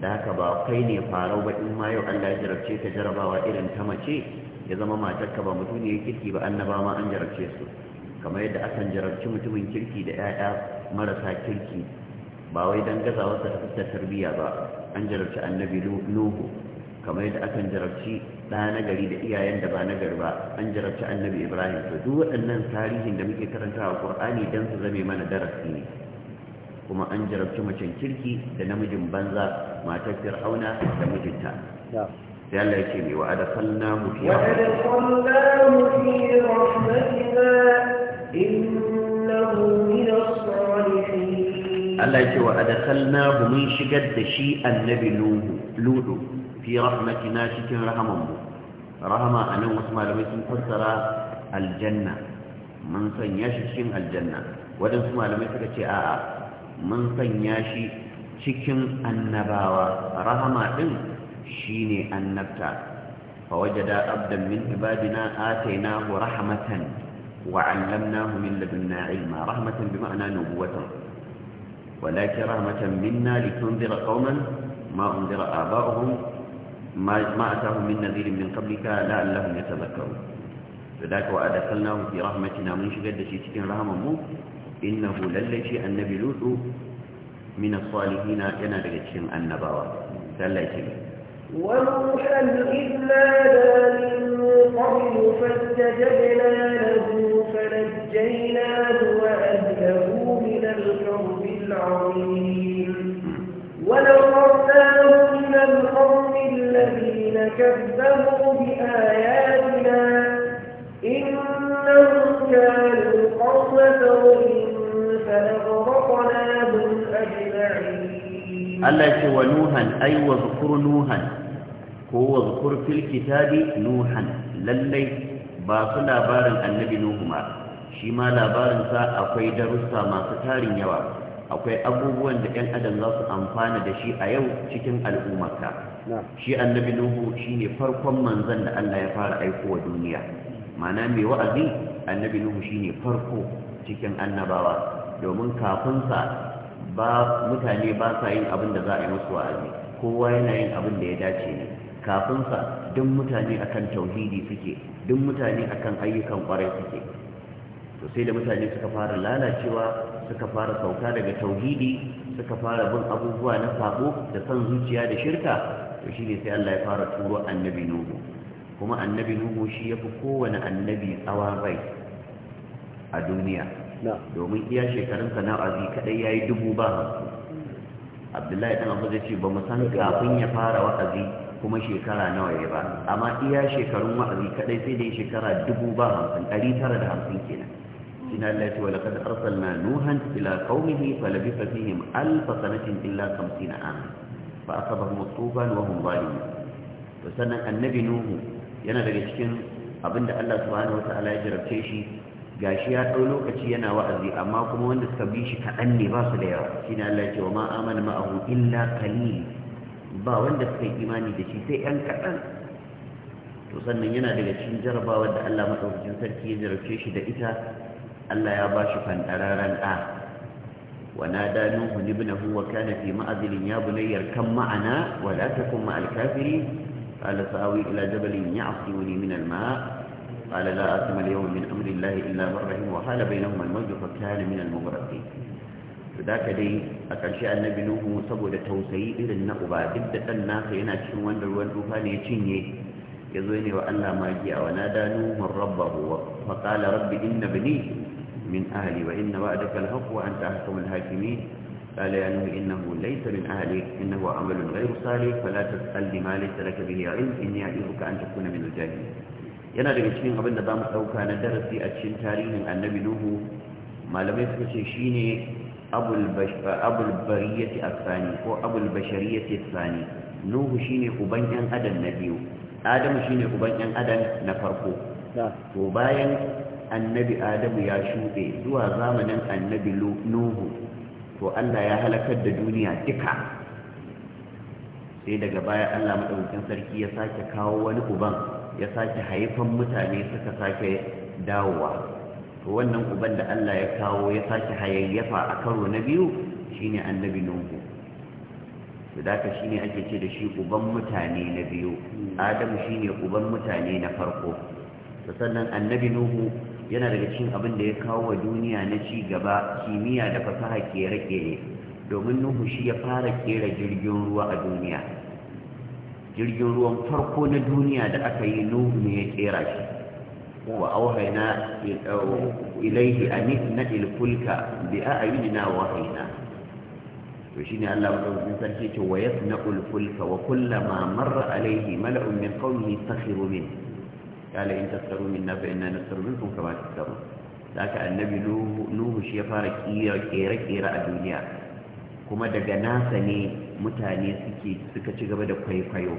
Speaker 1: da haka ba kai ne farau ba in ma yau Allah ya jarabce ka jarabawa irin ta mace ya zama matarka ba mutum ne kirki ba annaba ma an jarabce su kamar yadda akan jarabci mutumin kirki da 'ya'ya marasa kirki ba wai don gazawarsa ta fuskar tarbiyya ba an jarabci annabi nuhu kamar yadda akan jarabci ɗa na gari da iyayen da ba na gari ba an jarabci annabi ibrahim to duk waɗannan tarihin da muke karantawa ƙur'ani dan su zame mana darasi ne kuma an jarabci macen kirki da namijin banza matar fir'auna da mijinta sai Allah ya ce mai wa'ada sallahu fi Allah ce wa a adkhalnahu mun shigar da shi annabi ludu fi rahmatina cikin rahamanmu rahama nan wasu malamai sun fassara aljanna mun sanya shi cikin aljanna wadansu malamai suka ce a'a mun sanya shi cikin annabawa rahama shi shine annabta فوجد عبدا من عبادنا آتيناه رحمة وعلمناه من لدنا علما رحمة بمعنى نبوة ولا كرامة منا لتنذر قوما ما أنذر آباؤهم ما, ما أتاهم من نذير من قبلك لعلهم يتذكرون فذاك وأدخلناهم في رحمتنا من شقد رحم مو إنه للشيء النبي لوط من الصالحين كان أن النبوة ثلاثة
Speaker 2: ونوحا إذ نادى من قبل فاستجبنا له فنجيناه وأهله العظيم ونصرناه من القوم الذين كذبوا بآياتنا إنهم كانوا قوم سوء فأغرقناهم أجمعين الله يقول ونوحا
Speaker 1: أي واذكر نوحا هو اذكر في الكتاب نوحا للي باقي لابارن النبي نوح ما shi ma labarinsa akwai darussa masu tarin yawa akwai abubuwan da ɗan adam za su amfana da shi a yau cikin al'ummarka shi annabi nuhu shine farkon manzon da Allah ya fara aiko wa duniya Mana mai wa'azi annabi nuhu shine farko cikin annabawa domin kafinsa ba mutane ba sa yin abin da za a yi musu wa'azi kowa yana yin abin da ya dace ne kafinsa duk mutane akan tauhidi suke duk mutane akan ayyukan kwarai suke to sai da mutane suka fara lalacewa suka fara sauka daga tauhidi suka fara bin abubuwa na sabo da san zuciya da shirka to shi ne sai Allah ya fara turo annabi nuhu kuma annabi nuhu shi ya fi kowane annabi tsawon rai a duniya domin iya shekarunsa na azi kadai yayi dubu ba hamsin abdullahi dan abu zai ce ba mu san kafin ya fara wa'azi kuma shekara nawa ya ba amma iya shekarun wa'azi kadai sai dai shekara dubu ba hamsin ɗari tara da hamsin kenan shine Allah ya ce wala kad arsalna nuhan ila qaumihi falabitha fihim alf sanatin illa 50 aman fa asabahum tufan wa hum annabi nuhu yana daga cikin abinda Allah subhanahu wataala ya jarabce shi gashi ya ɗau lokaci yana wa'azi amma kuma wanda suka bi shi kadan ne ba su da yawa shine Allah ya ce wa ma amana ma'ahu illa qalil ba wanda suka yi imani da shi sai yan kadan to sannan yana daga cikin jarabawar da Allah madaukakin sarki ya jarabce shi da ita Allah ya ba shi fantararen ɗa wana da nuhu nibinahu wa kana fi ya bunayyar kan ma'ana wa da ta kuma alkafiri ƙala sa'awi ila jabalin ya afi wani min alma ƙala la a tumar yawon min amurin illa marrahim wa bai nan malmai da fakkani min almubarafi da ka dai a ƙarshe annabi nuhu saboda tausayi irin na uba duk da ɗan naka yana cikin wanda ruwan tufa ne ya cinye ya zo ne wa allah magiya wa na da nuhu rabba wa faƙala rabbi inna bini من أهلي وإن وعدك الحق وأنت أحكم قال يا نوح إنه ليس من أهلك إنه عمل غير صالح فلا تسأل ليس لك به علم إني أعيذك أن تكون من الجاهلين yana daga cikin abin da za mu ɗauka na darasi a cikin tarihin annabi nuhu malamai suka ce shi ne abulbariyati asani ko abulbashariyati asani nuhu shi ne uban yan adam na biyu adamu shi ne uban yan adam na farko to bayan annabi adamu ya shuɗe zuwa zamanin annabi nuhu to allah ya halakar da duniya duka sai daga baya allah maɗaukin sarki ya sake kawo wani uban ya sake haifan mutane suka sake dawowa to wannan uban da allah ya kawo ya sake hayayyafa a karo na biyu shine annabi nuhu sadaka shine ake ce da shi uban mutane na biyu adamu shine uban mutane na farko to sannan annabi nuhu yana daga cikin abin da ya kawo wa duniya na ci gaba kimiyya da fasaha kere-kere domin nuhu shi ya fara kera jirgin ruwa a duniya jirgin ruwan farko na duniya da aka yi nuhu ne ya kera shi wa auhaina ilaihi an nadil fulka bi a'yunina wa auhaina to ne Allah madaukakin sarki ce wa na fulka wa ma marra alaihi mala'un min qawmihi sakhiru kala in taskaru min na fa'in nasaru minkum kama taskaru da annabi nuhu shi ya fara kera-kera a duniya kuma daga nasa ne mutane suke suka ci gaba da kwaikwayo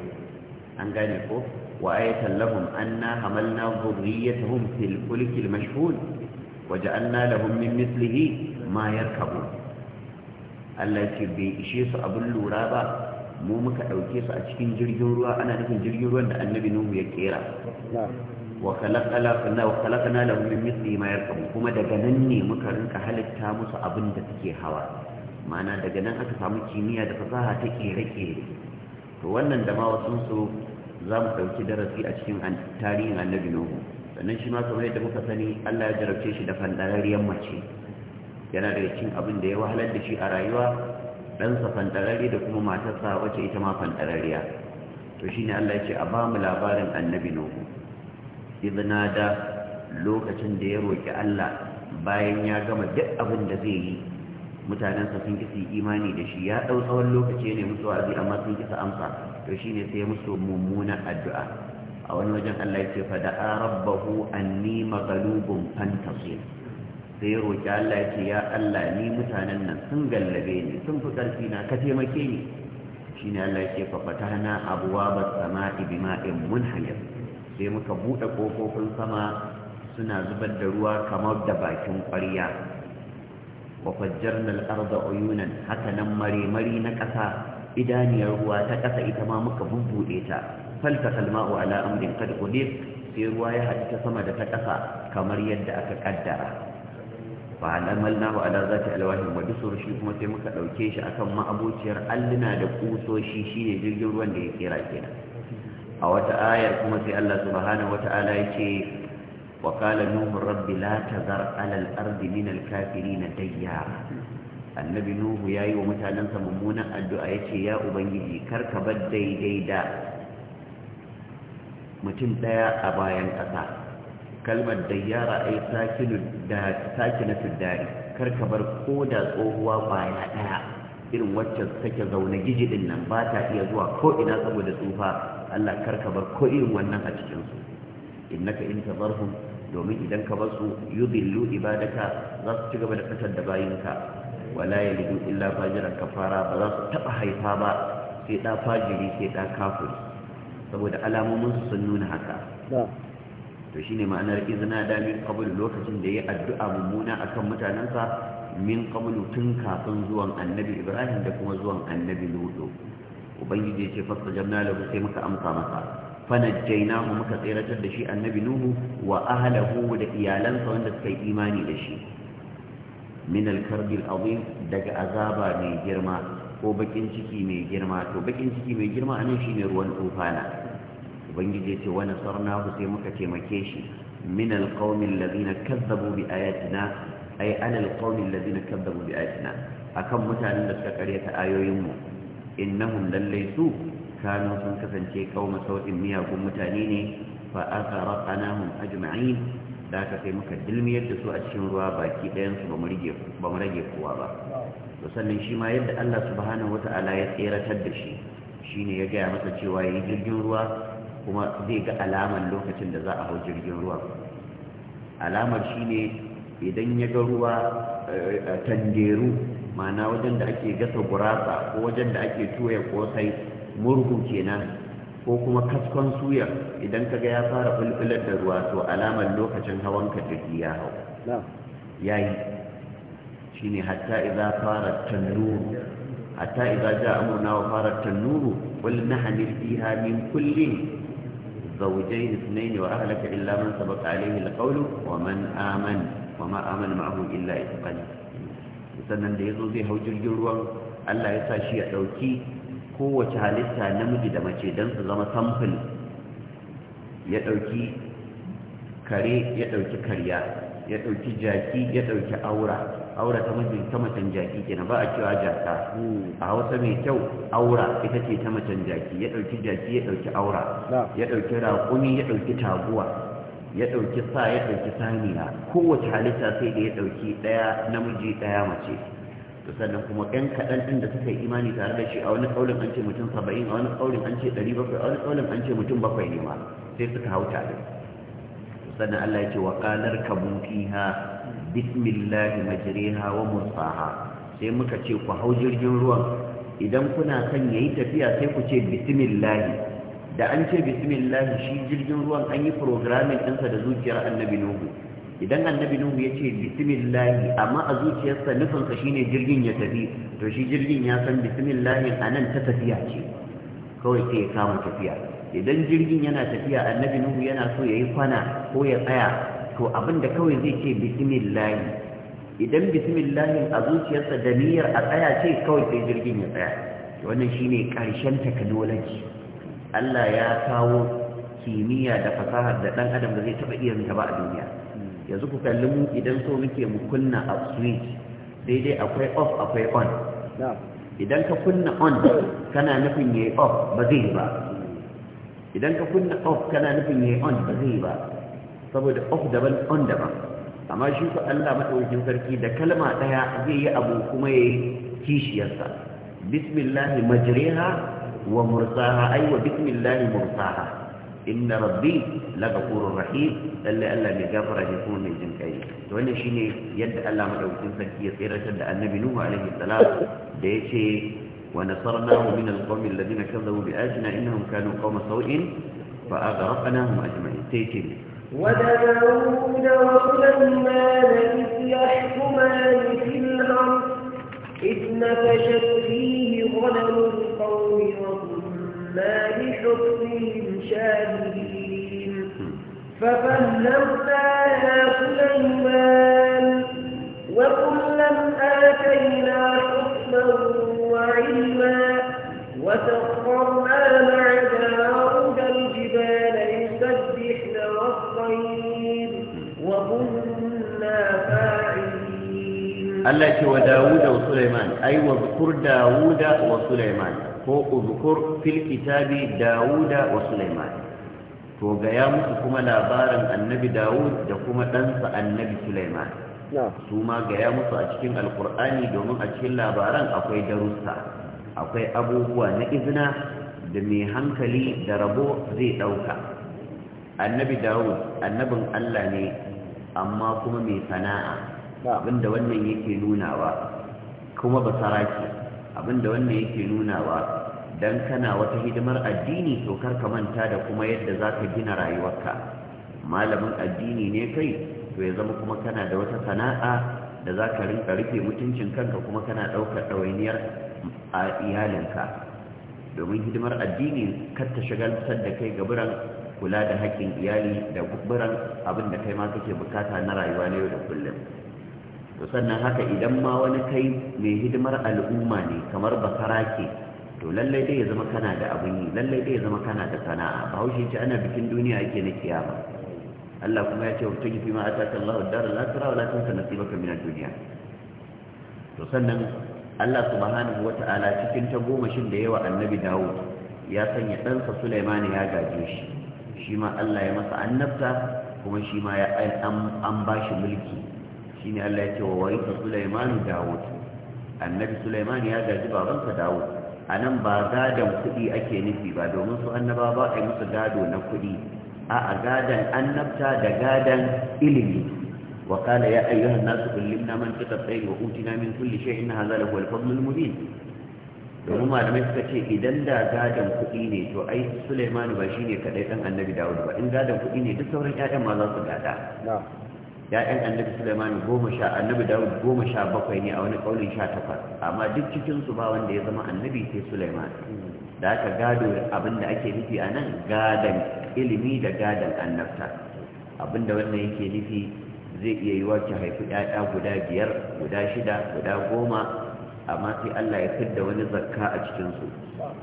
Speaker 1: an gane ko wa ayatan lahum anna hamalna dhurriyyatahum fil fulki al mashhun wa ja'alna lahum min mithlihi ma yarkabu Allah ce bai ishe su abin lura ba mu muka ɗauke su a cikin jirgin ruwa ana nufin jirgin ruwan da annabi nuhu ya kera wa khalaqna lahum min mithli ma yarkabu kuma daga nan ne muka rinka halitta musu abin da suke hawa ma'ana daga nan aka samu kimiyya da fasaha ta kere-kere to wannan da ma wasu su za mu ɗauki darasi a cikin tarihin annabi nuhu sannan shi ma kamar yadda muka sani Allah ya jarabce shi da fandarariyar mace yana da cin abin da ya wahalar da shi a rayuwa ɗansa fantararri da kuma matarsa wacce ita ma fantararriya to shi ne Allah ce a ba mu labarin annabi nuhu izina da lokacin da ya roƙi Allah bayan ya gama duk abin da zai yi mutanensa sun kisa imani da shi ya ɗau tsawon lokaci ne musu wa'azi amma sun kisa amsa to shi ne sai ya musu mummunan addu'a a wani wajen Allah ya ce fa da'a rabbahu anni maghlubun fantasir sai ya roƙi Allah ya ce ya Allah ni mutanen nan sun gallabe ni sun fi ƙarfi na ka taimake ni shine Allah ya ce fa sama abwaabas samaa'i mun munhamir sai muka buɗe ƙofofin sama suna zubar da ruwa kamar da bakin ƙwarya wa fajjarnal arda uyunan haka nan mare-mari na ƙasa idaniyar ruwa ta ƙasa ita ma muka bubbuɗe ta falta kalma'u ala amrin kad qudir sai ruwa ya haɗu ta sama da ta ƙasa kamar yadda aka ƙaddara. fa alamalnahu ala zati alwahin wa dusur shi kuma sai muka dauke shi akan ma'abociyar alluna da kusoshi shine jirgin ruwan da ya kera kenan a wata ayar kuma sai Allah subhanahu wata'ala yake wa qala nuhu rabbi la tazar ala al-ardi min al-kafirin dayyara annabi nuhu yayi wa mutanansa mummunan addu'a yace ya ubangiji karka bar daidai da mutum daya a bayan kasa kalmar dayyara ai sakinu da sakinatu tuddari kar ka bar ko da tsohuwa kwaya daya irin wacce take zaune giji din nan ba ta iya zuwa ko ina saboda tsufa Allah kar ka bar ko irin wannan a cikin su innaka in tabarhum domin idan ka bar su yudillu ibadaka za su ci gaba da fitar da bayinka wala yalidu illa fajiran kafara ba za su taba haifa ba sai da fajiri sai da kafiri saboda alamomin su sun nuna haka to shine ma'anar izina da min lokacin da yi addu'a mummuna akan mutanensa min qabl tun kafin zuwan annabi Ibrahim da kuma zuwan annabi Lut ubangiji ya ce fastajabna lahu sai muka amsa masa fanajjaynahu muka tseratar da shi annabi Nuhu wa ahlihi da iyalansa wanda suka yi imani da shi min al-karbi daga azaba mai girma ko bakin ciki mai girma to bakin ciki mai girma anan shine ruwan tufana ubangiji ya ce wa nasarnahu sai muka taimake shi min alqaumin ladina kazzabu bi ayatina ay ana alqaumin ladina kazzabu bi ayatina akan mutanen da suka karyata ayoyin mu innahum lallai su kano sun kasance kauma sautin miyagun mutane ne fa aka raƙanahum ajma'in da aka sai muka dilmiyar da su a cikin ruwa baki ɗayansu ba mu rage kowa ba to sannan shi ma yadda Allah subhanahu ta'ala ya tseratar da shi shine ya gaya masa cewa yi jirgin ruwa kuma zai ga alamar lokacin da za a hau jirgin ruwa alamar shine idan ya ga ruwa eh, eh, tanderu mana wajen da ake gasa gurasa ko wajen da ake tuya kosai murhu kenan ko kuma kaskon suya idan kaga ya fara bulbular da ruwa to alamar lokacin hawan ka jirgi ya hau yayi shine hatta idza fara tanuru hatta idza ja amurna wa fara tanuru qul nahmil fiha min kullin زوجين اثنين وأهلك إلا من سبق عليه القول ومن آمن وما آمن معه إلا إتقان sannan da ya zo zai hau jirgin ruwan Allah ya sa shi ya ɗauki kowace halitta namiji da mace don su zama samfil ya ɗauki kare ya ɗauki karya ya ɗauki jaki ya ɗauki aura aura ta mijin ta macen jaki kenan ba a cewa jaka hmm. a hausa mai kyau aura ita ce ta macen jaki ya ɗauki jaki ya ɗauki aura ya ɗauki raƙumi ya ɗauki taguwa ya ɗauki sa ya ɗauki saniya kowace halitta sai da ya ɗauki ɗaya namiji ɗaya mace to sannan kuma ɗan kaɗan ɗin da suka yi imani tare da shi a wani ƙaunin an ce mutum saba'in a wani ƙaunin an ce ɗari bakwai a wani ƙaunin an ce mutum bakwai ne ma sai suka hau tare sannan Allah ya ce wa qalar kabu fiha majriha wa mursaha sai muka ce ku hau jirgin ruwan idan kuna son yayi tafiya sai ku ce bismillahi da an ce bismillah shi jirgin ruwan an yi programming ɗinsa da zuciyar annabi nuhu idan annabi nuhu ya ce bismillah amma a zuciyarsa nufinsa shine jirgin ya tafi to shi jirgin ya san bismillah a nan ta tafiya ce kawai sai ya kama tafiya idan jirgin yana tafiya annabi nuhu yana so ya yi kwana ko ya tsaya to abinda kawai zai ce bismillah idan bismillah a zuciyarsa da niyyar a tsaya ce kawai sai jirgin ya tsaya wannan shine karshen technology Allah ya kawo kimiyya da fasaha da dan adam da zai taba iya ta ba a duniya yanzu ku kalli mu idan so muke mu kunna a switch daidai akwai off akwai on idan ka kunna on kana nufin yayi off ba zai ba idan ka kunna off kana nufin yayi on ba zai ba saboda of daban on daban amma shi ku Allah madaukakin sarki da kalma daya zai yi abu kuma yayi kishiyarsa bismillah majriha wa mursaha ay wa bismillah mursaha inna rabbi laghafurur rahim lalle Allah ne gafara ne kuma mai jin kai to wannan shine yadda Allah madaukakin sarki ya tsiratar da annabi Nuhu alaihi salam da yace ونصرناه من القوم bi كذبوا بآياتنا إنهم كانوا قوم سوء فأغرقناهم أجمعين تيتم
Speaker 2: وداود وسليمان إذ يحكمان في الأرض إذ نفشت فيه غنم القوم وكنا لحكمهم شاهدين ففهمناها سليمان وكلا آتينا حكما وعلما وسخرنا Allah ce wa Dawuda wa Sulaiman
Speaker 1: ai wa zukur Dawuda wa Sulaiman ko uzkur fil kitabi Dawuda wa Sulaiman to ga ya musu kuma labarin annabi Dawud da kuma ɗansa annabi Sulaiman su ma ga musu a cikin alkur'ani domin a cikin labaran akwai darussa akwai abubuwa na izina da mai hankali da rabo zai ɗauka annabi Dawud annabin Allah ne amma kuma mai sana'a abinda wannan yake nunawa kuma ba basaraki abinda wannan yake nunawa dan kana wata hidimar addini to kar ka manta da kuma yadda zaka gina rayuwarka malamin addini ne kai to ya zama kuma kana da wata sana'a da zaka rinka rufe mutuncin kanka kuma kana ɗaukar dawainiyar a iyalinka domin hidimar addini kar ta shagaltar da kai ga buran kula da haƙƙin iyali da buran abin da kai ma kake bukata na rayuwa na yau da kullum to sannan haka idan ma wani kai mai hidimar al'umma ne kamar basara ke to lallai dai ya zama kana da abin yi lallai dai ya zama kana da sana'a bahaushe ce ana bikin duniya ake na kiyama Allah kuma ya ce wa tun fi ma ataka Allahu dar al-akhirah wa la tansa nasibaka min ad duniya? to sannan Allah subhanahu wata'ala cikin ta goma shin da yawa annabi dawo ya sanya ɗansa Sulaiman ya gaje shi shi ma Allah ya masa annabta kuma shi ma ya an ba shi mulki shine Allah ya ce wa warisa Sulaiman Dawud annabi Sulaiman ya gaji babansa Dawud anan ba gadan kuɗi ake nufi ba domin su annaba ba a musu gado na kuɗi a a gadan annabta da gadan ilimi wa qala ya ayyuhan nasu kullimna man tatayyara wa utina min kulli shay'in hadha lahu al-fadlul mubin domin malamai suka ce idan da gadon kuɗi ne to ai Suleimanu ba shi ne kaɗai ɗan annabi Dawud ba in gadon kuɗi ne duk sauran 'ya'yan ma za su gada ya'yan annabi Sulaiman goma sha annabi Dawud goma sha bakwai ne a wani kaulin sha takwas amma duk cikin su ba wanda ya zama annabi sai Sulaiman da aka gado abin da ake nufi a nan gadan ilimi da gadan annabta abin da wannan yake nufi zai iya yi wacce haifi ɗaya guda biyar guda shida guda goma amma sai Allah ya fidda wani zakka a cikinsu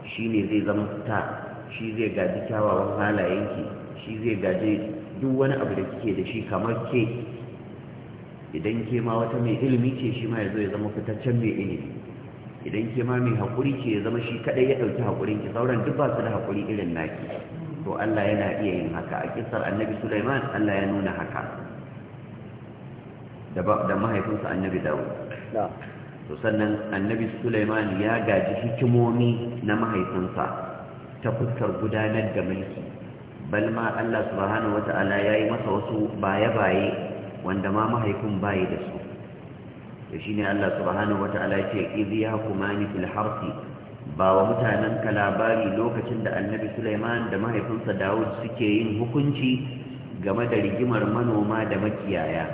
Speaker 1: shi ne zai zama ta shi zai gaji kyawawan halayenki shi zai gaji duk wani abu da kike da shi kamar ke idan ke ma wata mai ilimi ce shi ma ya zo ya zama fitaccen mai ilimi idan ke ma mai haƙuri ce ya zama shi kaɗai ya ɗauki haƙurin ki sauran duk ba su da haƙuri irin naki to Allah yana iya yin haka a kisar annabi Sulaiman Allah ya nuna haka da mahaifinsa annabi Dawud to sannan annabi Sulaiman ya gaji hikimomi na mahaifinsa ta fuskar gudanar da mulki bal ma Allah subhanahu wata'ala yayi masa wasu baye-baye wanda ma mahaifin baye da su to shine Allah subhanahu wata'ala ya ce idh yahkumani fil harthi ba wa mutanen ka labari lokacin da Annabi Sulaiman da mahaifinsa Dawud suke yin hukunci game da rigimar manoma da makiyaya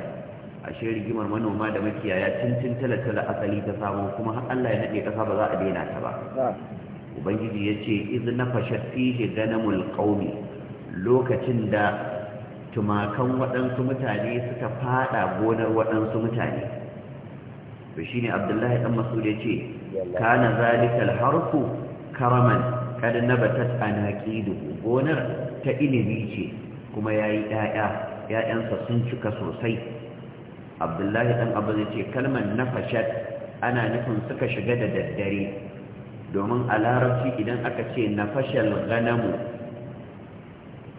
Speaker 1: ashe rigimar manoma da makiyaya tuntun talatala asali ta samu kuma har Allah ya nade kasa ba za a daina ta ba ubangiji yace iz nafashat fihi ganamul qaumi lokacin da tumakan waɗansu mutane suka fada gonar waɗansu mutane to ne abdullahi Ɗan masud da ce kana zalikar harku? karaman kada na kad nabatat anaqidu gonar ta ilimi ce kuma ya yi ɗaya 'ya'yansa sun cika sosai abdullahi Ɗan abu da ce kalmar nafashat ana nufin suka shiga da daddare domin a larabci idan aka ce na nafashal ganamu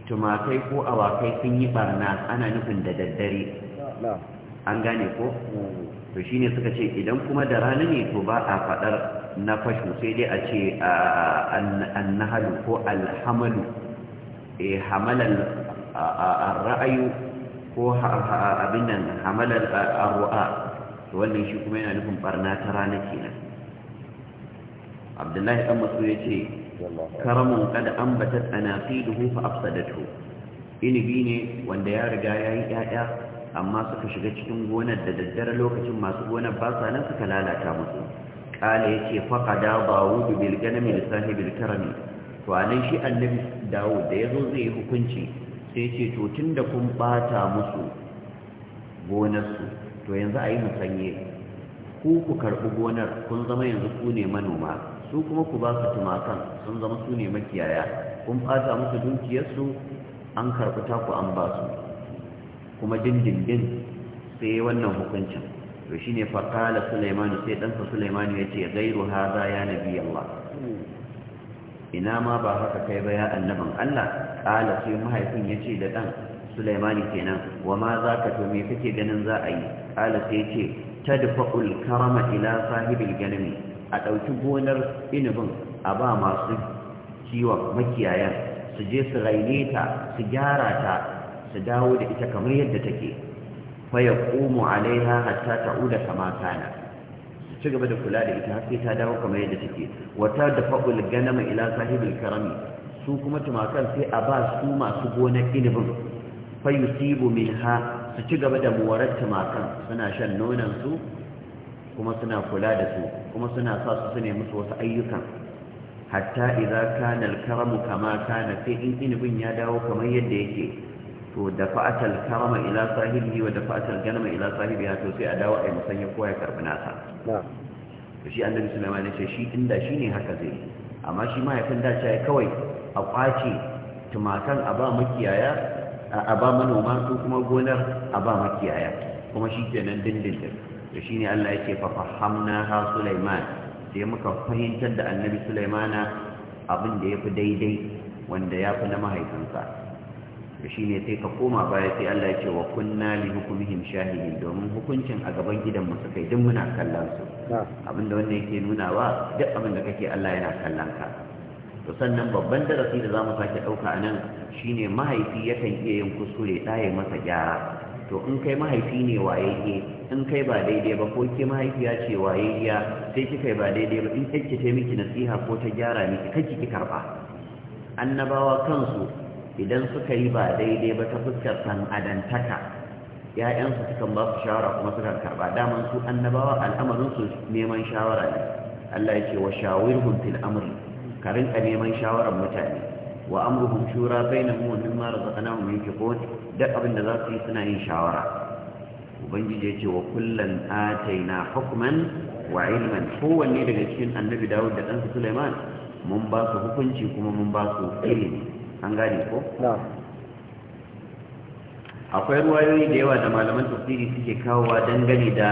Speaker 1: tumakai ko awakai sun yi barna ana nufin da daddare an gane ko to shine suka ce idan kuma da rana ne to ba a faɗar na fashu sai dai a ce annahalu ko alhamalu e eh, hamalan ra'ayu ko abin nan hamalan arwa'a wannan shi kuma yana nufin barna ta rana kenan abdullahi dan masu ya ce karamun kada ambatat anaqiduhu fa afsadatu inibi ne wanda ya riga yayi yaya amma suka shiga cikin gonar da daddare lokacin masu gonar ba sa nan suka lalata musu kala yace faqada dawud bil ganami li sahibil karami to anan shi annabi dawud da yazo zai yi hukunci sai yace to tunda kun bata musu gonarsu to yanzu a yi musanye ku ku karɓi gonar kun zama yanzu ku ne manoma su kuma ku ba su tumakan sun zama su ne makiyaya kun fata musu dukiyarsu an karɓi taku an ba su kuma dindindin sai wannan hukuncin to ne fakala sulaiman sai ɗansa sa ya yace ghairu haza ya nabi ba? ina ma ba haka kai ba ya annabin Allah ƙala sai mahaifin ce da ɗan sulaiman kenan wa ma ka to me kake ganin za a yi ƙala sai yace tadfa'ul karama ila sahibil ganami a ɗauki gonar inibin a ba masu kiwon makiyayan su je su raine ta su gyara ta su dawo da ita kamar yadda take fa ya ƙomo alaiha hatta ta'uda kama kana su ci gaba da kula da ita har sai ta dawo kamar yadda take wata da fa'ul ganama ila sahibin karami su kuma tumakan sai a ba su masu gonar inibin fa yusibu minha su ci gaba da muwarar tumakan suna shan nonon su kuma suna kula da su kuma suna sa su su musu wasu ayyukan hatta idza kanal al-karamu kama kana sai in inibin ya dawo kamar yadda yake to da al-karama ila sahibi wa da al-ganama ila sahibi ya to sai a dawo ai musanya kowa ya karbi nasa to shi annabi sulaiman ya ce shi inda ne haka zai amma shi mahaifin da ya kawai a kwace tumakan a ba makiyaya a ba manoma ko kuma gonar a ba makiyaya kuma shi kenan dindindin to shine Allah yake fa fahamna ha Sulaiman sai muka fahimtar da annabi Sulaimana abin da yafi daidai wanda yafi na mahaifinsa to shine sai ka koma baya sai Allah yake wa kunna li hukumihim shahidin domin hukuncin a gaban gidan mu suka duk muna kallon su abinda wannan yake nunawa duk abin da kake Allah yana kallon ka to sannan babban darasi da zamu sake dauka anan shine mahaifi yakan iya yin kuskure ɗaya masa gyara to in kai mahaifi ne waye ke in kai ba daidai ba ko ke mahaifiya ce waye ya sai kika ba daidai ba in kike ta miki nasiha ko ta gyara miki kake ki karba annabawa kansu idan suka yi ba daidai ba ta fuskar san adantaka ‘ya'yansu sukan ba su shawara kuma sukan karɓa daman su annabawa su neman shawara ne Allah ya ce wa shawirhum fil amri ka rinka neman shawarar mutane wa amruhum shura bainahum wa mimma razaqnahum yunfiqun duk abin da za su yi suna yin shawara ubangiji ya ce wa kullum ataina hukman wa ilman kowanne daga cikin annabi dawud da ɗansa suleiman mun ba su hukunci kuma mun ba su ilimi an gane ko akwai
Speaker 2: ruwayoyi da yawa da
Speaker 1: malaman tafsiri suke kawowa dangane da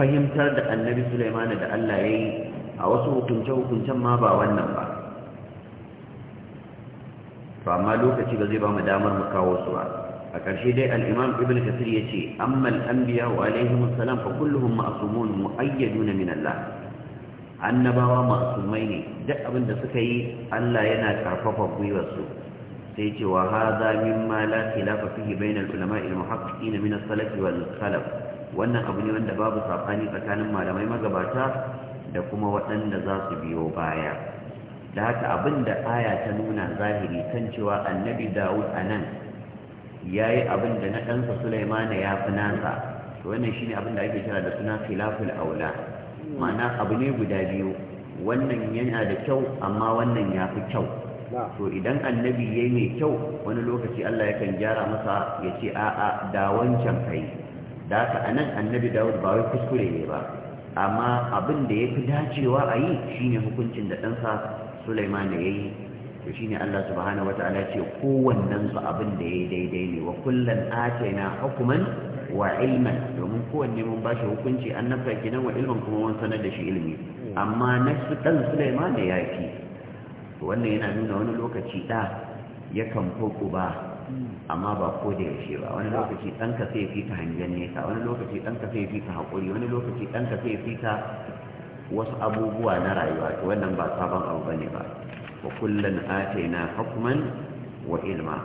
Speaker 1: fahimtar da annabi suleiman da allah ya yi a wasu hukunce-hukuncen ma ba wannan ba to amma lokaci ba zai ba mu damar mu kawo su ba a ƙarshe dai al'imam ibn kasir ya ce ammal biya wa alaihimun a fa kulluhum ma'asumun na min Allah annabawa ma'asumai ne duk abin da suka yi Allah yana karfafa gwiwarsu sai ce wa min mimma la khilafa fihi bainal ulama al muhaqqiqin min as-salaf wal khalaf wannan abu ne wanda babu sabani tsakanin malamai magabata da kuma waɗanda za su biyo baya da haka abin da aya ta nuna zahiri kan cewa annabi Dawud nan. ya yi abin da na ɗansa sulaimana ya fi nasa wannan shine abin da ake kira da suna khilaful aula ma'ana abu ne guda biyu wannan yana da kyau amma wannan ya fi kyau to idan annabi yayi mai kyau wani lokaci Allah yakan gyara masa ya ce a'a da wancan kai da haka anan annabi Dawud ba wai kuskure ne ba amma abin da yafi dacewa a yi shine hukuncin da ɗansa Sulaiman ya yi to shine Allah subhanahu wataala ya ce kowannen su abin da yayi daidai ne wa kullan atayna hukman wa ilman domin kowanne mun bashi hukunci annabta kenan wa ilman kuma mun sanar da shi ilimi amma nafsu dan Sulaiman da yafi wannan yana nuna wani lokaci da yakan fi uba amma ba ko da yaushe ba wani lokaci ka sai fi ka hangen nesa wani lokaci ka sai fi ka haƙuri wani lokaci ka sai fi wasu abubuwa na rayuwa wannan ba sabon abu bane ba wa kullum Atina hukman wa ilma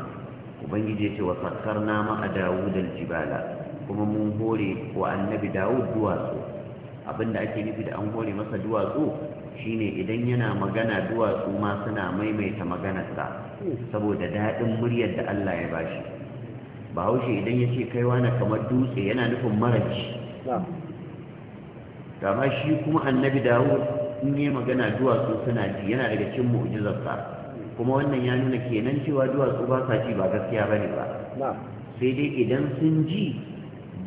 Speaker 1: ubangiji ya ce wa nama a dawud Jibala. kuma mun hore wa annabi dawud duwatsu abinda ake nufi da an hore masa duwatsu shine idan yana magana duwatsu ma suna maimaita maganarsa saboda daɗin muryar da Allah ya bashi bahaushe idan ya ce kaiwa na kamar dutse yana nufin maraci gama shi kuma annabi dawud in yi magana duwatsu suna ji yana daga cin mu'jizarsa kuma wannan ya nuna kenan cewa duwatsu ba sa ji ba gaskiya ba ne ba sai dai idan sun ji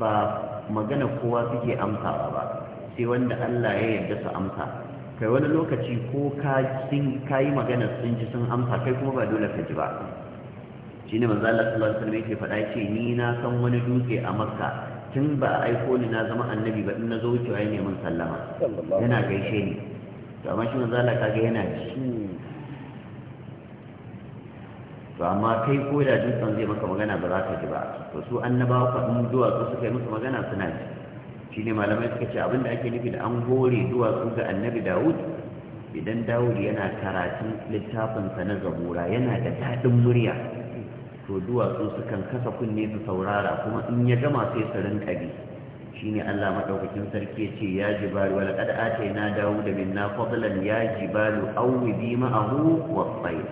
Speaker 1: ba magana kowa suke amsawa ba sai wanda Allah ya yarda su amsa kai wani lokaci ko ka sun magana sun ji sun amsa kai kuma ba dole ka ji ba shine manzo Allah sallallahu alaihi wasallam yake faɗa yace ni na san wani dutse a Makka tun ba a aiko ni na zama annabi ba in na zo wucewa ya neman sallama yana gaishe ni to amma shi manzo Allah kaga yana ci to amma kai ko da dutsen zai maka magana ba za ka ji ba to su annabawa fa in duwatsu suka yi maka magana suna ji shi ne malamai suka ce abinda ake nufi da an zuwa duwatsu ga annabi dawud idan dawud yana karatun littafinsa na zabura yana da daɗin murya to duwatsu sukan kasa kunne su saurara kuma in ya gama sai su rinka shine Allah madaukakin sarki yace ya jibalu wa laqad atayna dawuda minna fadlan ya jibalu awbi ma'ahu was-sayr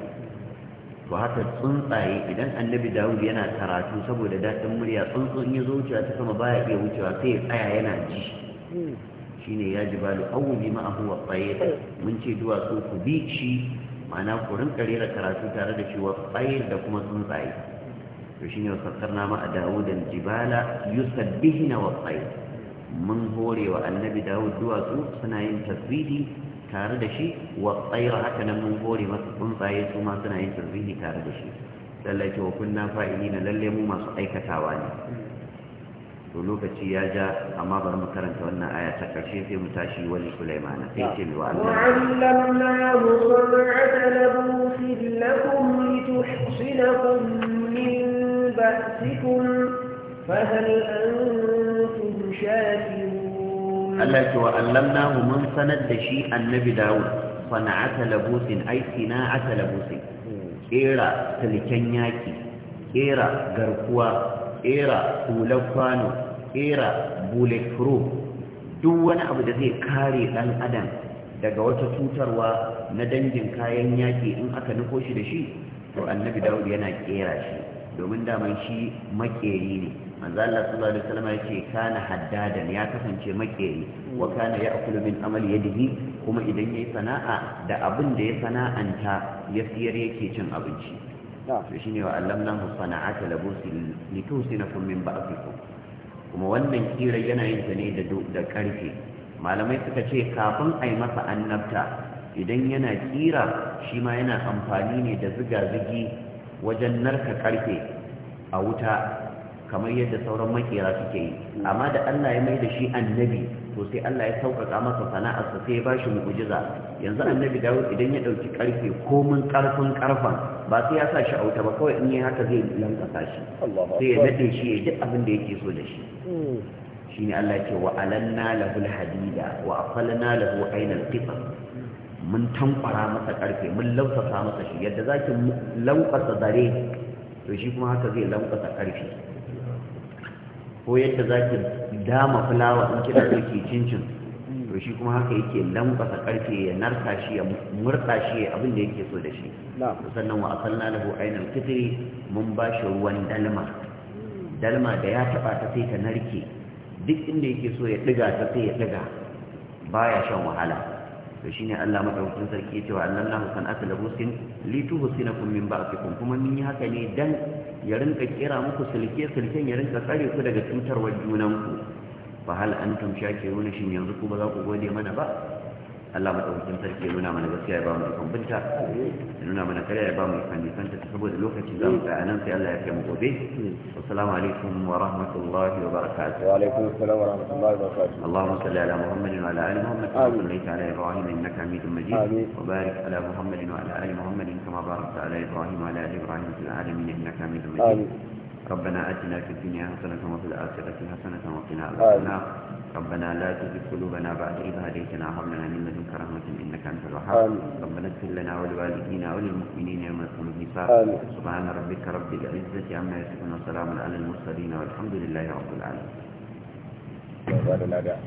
Speaker 1: to haka tsuntsaye idan annabi dawud yana karatu saboda dadin murya tsuntsun ya zo wucewa ta sama baya iya wucewa sai tsaya yana ji shine ya jibalu awbi ma'ahu was-sayr mun ce duwatsu ku bi shi ma'ana ku rinka rera karatu tare da shi was da kuma tsuntsaye to shi shine wasakkarna ma a Dawud al-jibala yusabbihuna wa tsayi mun hore wa annabi Dawud duwatsu suna yin tasbihi tare da shi wa tsayra haka nan mun hore masu tsuntsaye su ma suna yin tasbihi tare da shi lallai ce wa kunna fa'ilina lalle mu masu aikatawa ne to lokaci ya ja amma bari mu karanta wannan aya ta karshe sai mu tashi wani Sulaimana sai ce wa Allah
Speaker 2: wa'allamnahu san'ata labusin lakum lituhsinakum min بأسكم فهل أنتم شاكرون الله وعلمناه من سند
Speaker 1: شيء النبي داود صنعة لبوس أي صناعة لبوس إيرا تلكنياكي إيرا غرقوا إيرا ولفانو إيرا بولفرو duk wani abu da zai kare ɗan adam daga wata cutarwa na dangin kayan yaƙi in aka nufo shi da shi to annabi dawud yana ƙera shi domin daman shi makeri ne manzo Allah sallallahu alaihi wasallam yace kana haddadan ya kasance makeri wa kana ya'kulu min amali yadihi kuma idan yayi sana'a da abin da ya sana'anta ya siyar yake cin abinci to shine wa allamnahu sana'ata labusin litusinakum min ba'dikum kuma wannan kira yana yin ta ne da da karfe malamai suka ce kafin ai masa annabta idan yana kira shi ma yana amfani ne da ziga-zigi wajen narka karfe a wuta kamar yadda sauran makera suke yi amma da Allah ya mai da shi annabi to sai Allah ya sauƙaƙa masa sana'arsa sai ya bashi mu'jiza yanzu annabi dawo idan ya dauki karfe komin karfin karfan ba sai ya sa shi a wuta ba kawai in yi haka zai lankasa shi sai ya nade shi ya duk abin da yake so da shi hmm. shine Allah ya ce wa alanna lahul hadida wa aqalna lahu aynal qitr mun tankwara masa karfe mun lausasa masa shi yadda za ki lankwasa zare to shi kuma haka zai lankwasa karfe ko yadda za ki dama fulawa in kina so ki cincin to shi kuma haka yake lankwasa karfe ya narka shi ya murɗa shi abin da yake so da shi sannan wa asalna lahu ainul kitri mun ba shi ruwan dalma dalma da ya taba ta sai ta narke duk inda yake so ya ɗiga ta sai ya diga baya shan wahala to shine Allah madaukakin sarki ya ce wa annallahu san'ata labusin lituhsinakum min ba'dikum kuma mun yi haka ne dan ya rinka kira muku silke silken ya rinka tsare ku daga cutarwar junan ku fa hal antum shakiruna shin yanzu ku ba za ku gode mana ba Allah madaukakin sarki ya nuna mana gaskiya ya ba mu ikon binta ya nuna mana kare ya ba mu ikon nisanta saboda lokaci za mu tsaya nan sai Allah ya kai mu gobe assalamu alaikum wa rahmatullahi wa barakatuh wa alaikum assalam wa rahmatullahi wa barakatuh Allahumma salli ala Muhammadin wa ala ali Muhammad kama sallaita ala Ibrahim innaka Hamidum Majid wa barik ala Muhammadin wa ala ali Muhammadin kama barakta ala Ibrahim wa ala ali Ibrahim fil alamin innaka Hamidum Majid ربنا آتنا في الدنيا حسنة وفي الآخرة حسنة وقنا عذاب النار ربنا لا تزغ قلوبنا بعد إذ هديتنا وهب لنا من لدنك رحمة إنك أنت الوهاب ربنا اغفر لنا ولوالدينا وللمؤمنين يوم يقوم الحساب سبحان ربك رب العزة
Speaker 2: عما يصفون وسلام على المرسلين والحمد لله رب العالمين